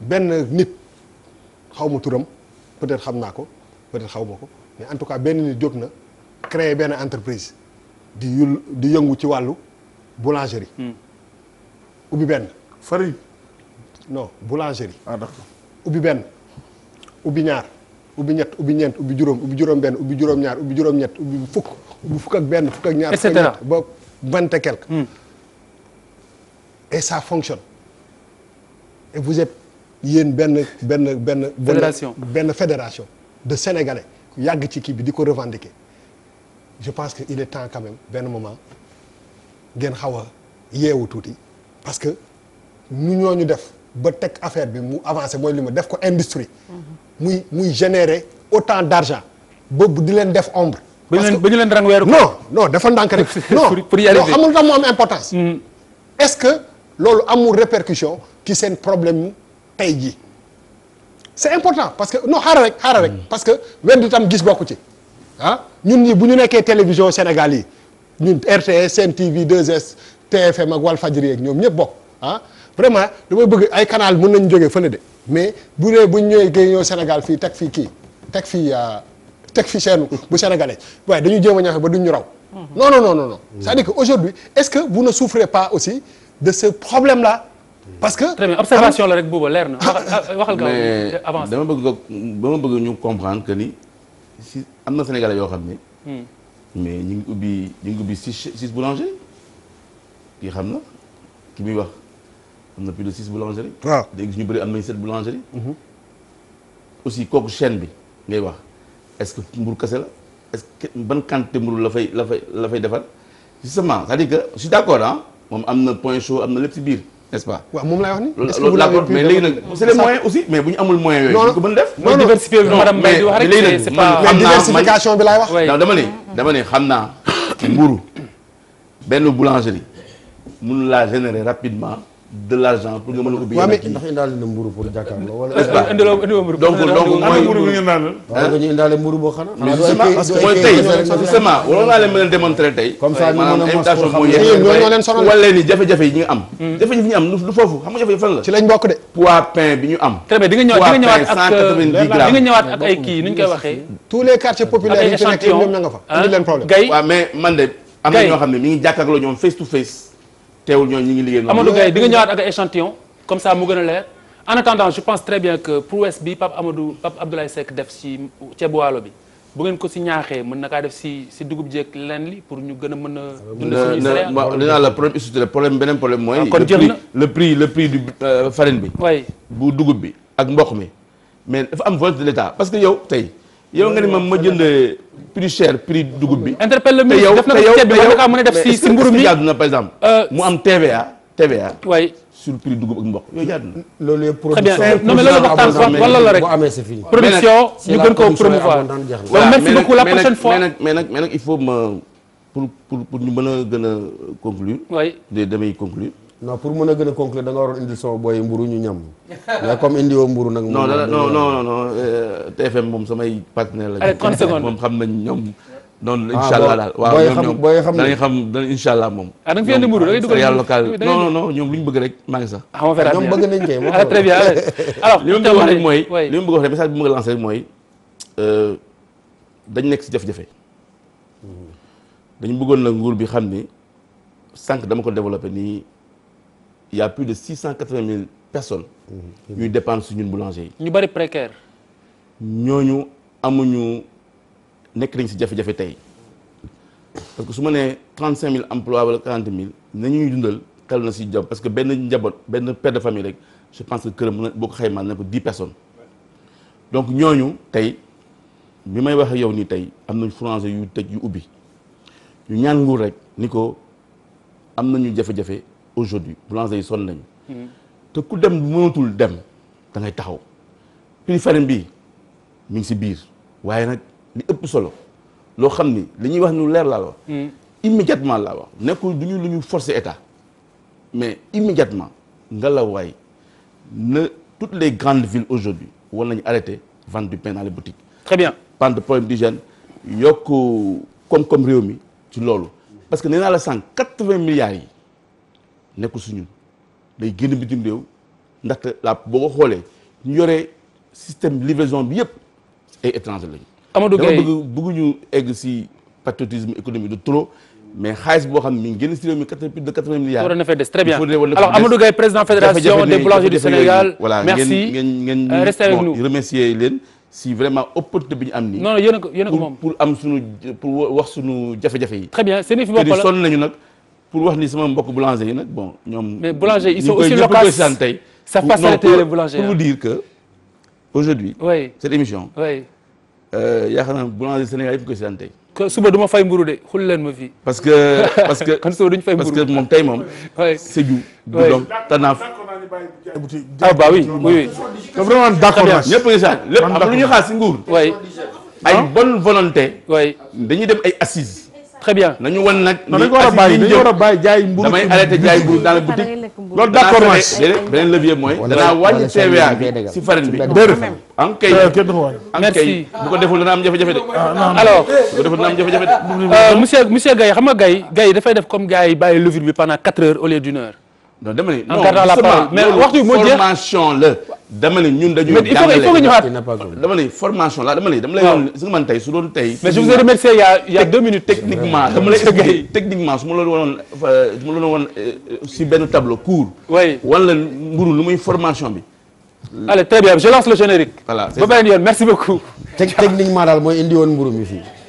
benn nit xaw ma turam peut-être xam naa ko peut-être xaw ma ko mais en tout cas benn nit jot na créer benn entreprise. di yul di yëngu ci wàllu boulangerie. Hmm. ubbi benn. farine. non boulangerie. ah d'accord ubbi benn ubbi ñaar ubbi ñett ubbi ñeent ubbi juróom ubbi juróom-benn ubbi juróom-ñaar ubbi fukk ubbi fukk ak benn fukk ak ñaar. et cetera ba vingt et quelque. Hmm. et ça fonctionne et vous êtes yéen benn benn benn. fédération benn fédération de sénégalais yàgg ci kii bi di ko revendique je pense que il est temps quand même benn moment ngeen xaw a yeewu tuuti parce que nu ñooñu def ba teg affaire bi mu avancé mooy li ma def ko industrie. muy muy générer autant d' argent boobu di leen def ombre. parce que ba ñu leen rang weeru non non dafa ndànk rek. <laughs> non pour y arriver xamul tax mu am importance. Mm. est ce que loolu amul répercussion ki seen problème tey jii. c' est important parce que no xaaral rek xaaral rek mm. parce que wedd itam gis bokku ci. ah ñun ñi bu ñu nekkee télévision Sénégal yi ñu RTS Sen TV 2S TFM ak Walfadjri yeeg ñoom ñëpp bokk ah vraiment damay bëgg ay canal mun nañu jógee fële de mais bu dee bu ñu ñëwee géej ñëw Sénégal fii teg fi kii teg fii euh, teg fii chaîne bu sénégalais waaye dañu jéem a ba du ñu raw. non non non non est-ce que vous ne souffrez pas aussi de ce problème là. que très bien observation la rek booba leer na. waxal euh, waxal gaaw mais euh, dama bëgg dama bëgg ñu comprendre que ni. si am na Sénégalais yoo xam ne. Hmm. mais ñu ngi ubbi ñu ngi ubbi six six boulangerie kii xam na ki muy wax am na plus de six boulangerie. waaw ah. léegi ñu bëri am nañ sept boulangerie. Hmm. aussi kooku chaîne bi ngay wax est-ce que mburu kese la est-ce que ban quantité mburu la fay la fay la fay defar justement c'est-à-dire que je d'accord ah moom am na point chaud am na lépp si biir. n'est-ce pas. waaw moom laay wax ni. est-ce que vous l'avez pu mais léegi nag c'est les moyens aussi mais bu ñu amul moyen yooyu. duñ ko mën def. non non non madame Mbaye di wax rek c'est pas mais diversification bi laay wax. waaw dama ne xam naa mburu benn boulangerie mënu laa générer rapidement de l' pour nga mën a ubbi. waaw mais ndax indaale na mburu pour jàkkaarloo wala. donc donc mooy. mburu bi ngeen daal la. ñu indaale mburu a démontrer xam ne hmm. nga kii nu ñu koy waxee. tous les quartiers populaires yi fi ah. gay waaw mais man de am na ñoo xam ne mi ngi jàkkaarloo ñoom face to face teewul ñooñu ñu ngi liggéey. Amadou Gaye di nga ñëwaat ak échantillon comme ça mu gën a leer en attendant je pense très bien que prouesse bi Pape Amadou Pape Abdoulaye Seck def si ceebu waalo bi bu ngeen ko si ñaaxee mën na kaa def si si dugub jeeg lenn pour ñu gën a mën a. dund suñuy céréales waaw nee naa la problème structurel problème beneen problème mooy. Ah, le prix le prix du euh, farine bi. oui bu dugub bi ak mboq mi mais dafa am volonté de l'État parce que yow tey yow nga ni ma ma jënd prix cher prix dugub bi. interpelle le ministre def na ko ceeb def si si mburu na par exemple. Euh, mu am TVA TVA. waay sur prix dugub ak mboq yooyu na. loolu yëpp production non mais loolu waxtaan sax production ñu gën koo promouvoir. voilà merci beaucoup la prochaine nag mais nag mais nag pour pour pour ñu mën a gën a conclure. waay de damay conclure. non pour mën a gën a conclure da nga waroon indil sama booy mburu ñu ñam mais <laughs> comme indi woo mburu nag. non non non non euh, TFM moom samay partenaire la. moom xam nañ ñoom. noonu ah, incha allah daal waaw ñoom ñoom danañ xam danañ incha moom. ah da nga fi indi ñu bëgg rek maa sax. Ah, ah, bëgg nañ kay. ah li ma bëgg wax li ma bëgg wax rek message euh, nekk si jafe hmm. bëggoon la nguur bi xam ni sànq dama ko développé nii il y plus de six cent quatre-vingt mille personnes. ñuy dépendre ñun boulanger ñu bari précaire. ñu amuñu nekk nañ si jafe-jafe tey parce que su ma nee trent cinq mille emplois wala quarante mille nañu ñuy dundal xel na si job parce que benn njaboot benn père de famille rek je pense que këram mën na boo ko xaymaa na ko dix personnes. donc ñooñu tey bi may wax yow nii tey am nañ français yu tëj yu ubbi ñu ñaan nguur rek ni ko am nañu jafe-jafe. aujourd'hui boulanger yi sonn nañu mhm. te ku dem mënatul dem da ngay taxaw prix farine bi mi ngi si biir waaye nag li ëpp solo loo xam ni li ñuy wax nu leer laa wax mhm. immédiatement laa wax nekkul du ñu lu ñu forcer état mais immédiatement nga la waay na toutes les grandes villes aujourd'hui war nañu arrêter vente du pain dans les boutiques très bien pan de problème d'hygiène yokk koom-koom réew mi ci loolu parce que nee naa la sànq quatre-vingts milliards yi nekkul suñu day génn bitim réew ndaxte la boo ko xoolee ñu yore système livraison bi yëpp ay étranger lañu. dama bëgg bëgguñu egg si patriotisme économique de trop. mais xaalis boo xam ne mi ngi génn si réew mi plus de 80 milliards. war na fay des très remercier leen si vraiment opportunité bi ñu am nii. non non yéen moom pour am suñu pour wax suñu jafe-jafe yi. très bien seen i fi bopp la sonn nañu nag. pour wax ni sama mbokku boulanger yi nag bon ñoom. mais boulanger ils sont aussi loquaces ça facilite les boulangers pour vous dire que aujourd'hui oui cette émission. oui euh, yaakaar naa boulanger Sénégal yëpp koy seetaan tey. que suba du ma fay mburu de xul leen ma fii. parce que parce que <laughs> fay mburu parce que moom tey moom. <laughs> oui Sédhiou. oui Goudomp Tanaff. ah bah oui oui. vraiment d'accord naa ñëpp nga sax lépp am lu ñu xaar dañuy dem ay assises. très bien nañu wan nag. non dañu ko war a bàyyi dañu war a bàyyi jaay damay arrêté jaay mburu dans la boutique. danaa wàññi TVA bi si farine bi. déedéet en kay en deful dana jafe-jafe de. alors bu ko deful dana am jafe-jafe de. Ah, eh. euh, monsieur monsieur Gaye xam nga Gaye dafay def comme gars yi bàyyi bi pendant quatre heures au lieu d'une heure. non dama ne ah, non justement mais waxtu bi moo jeex formation la dama ne ñun dañuy. mais il faut que il faut que ñëwaat dama formation la dama ne dama tey su doon tey. mais je vous ai remercié deux minutes. techniquement dama lay <laughs> techniquement su ma la woon euh, su woon euh, si benn tableau court. oui wala mburu lu muy formation bi. allez très bien je lance le générique. voilà c'est ça merci beaucoup. techniquement daal mooy indi woon mburu mi fii.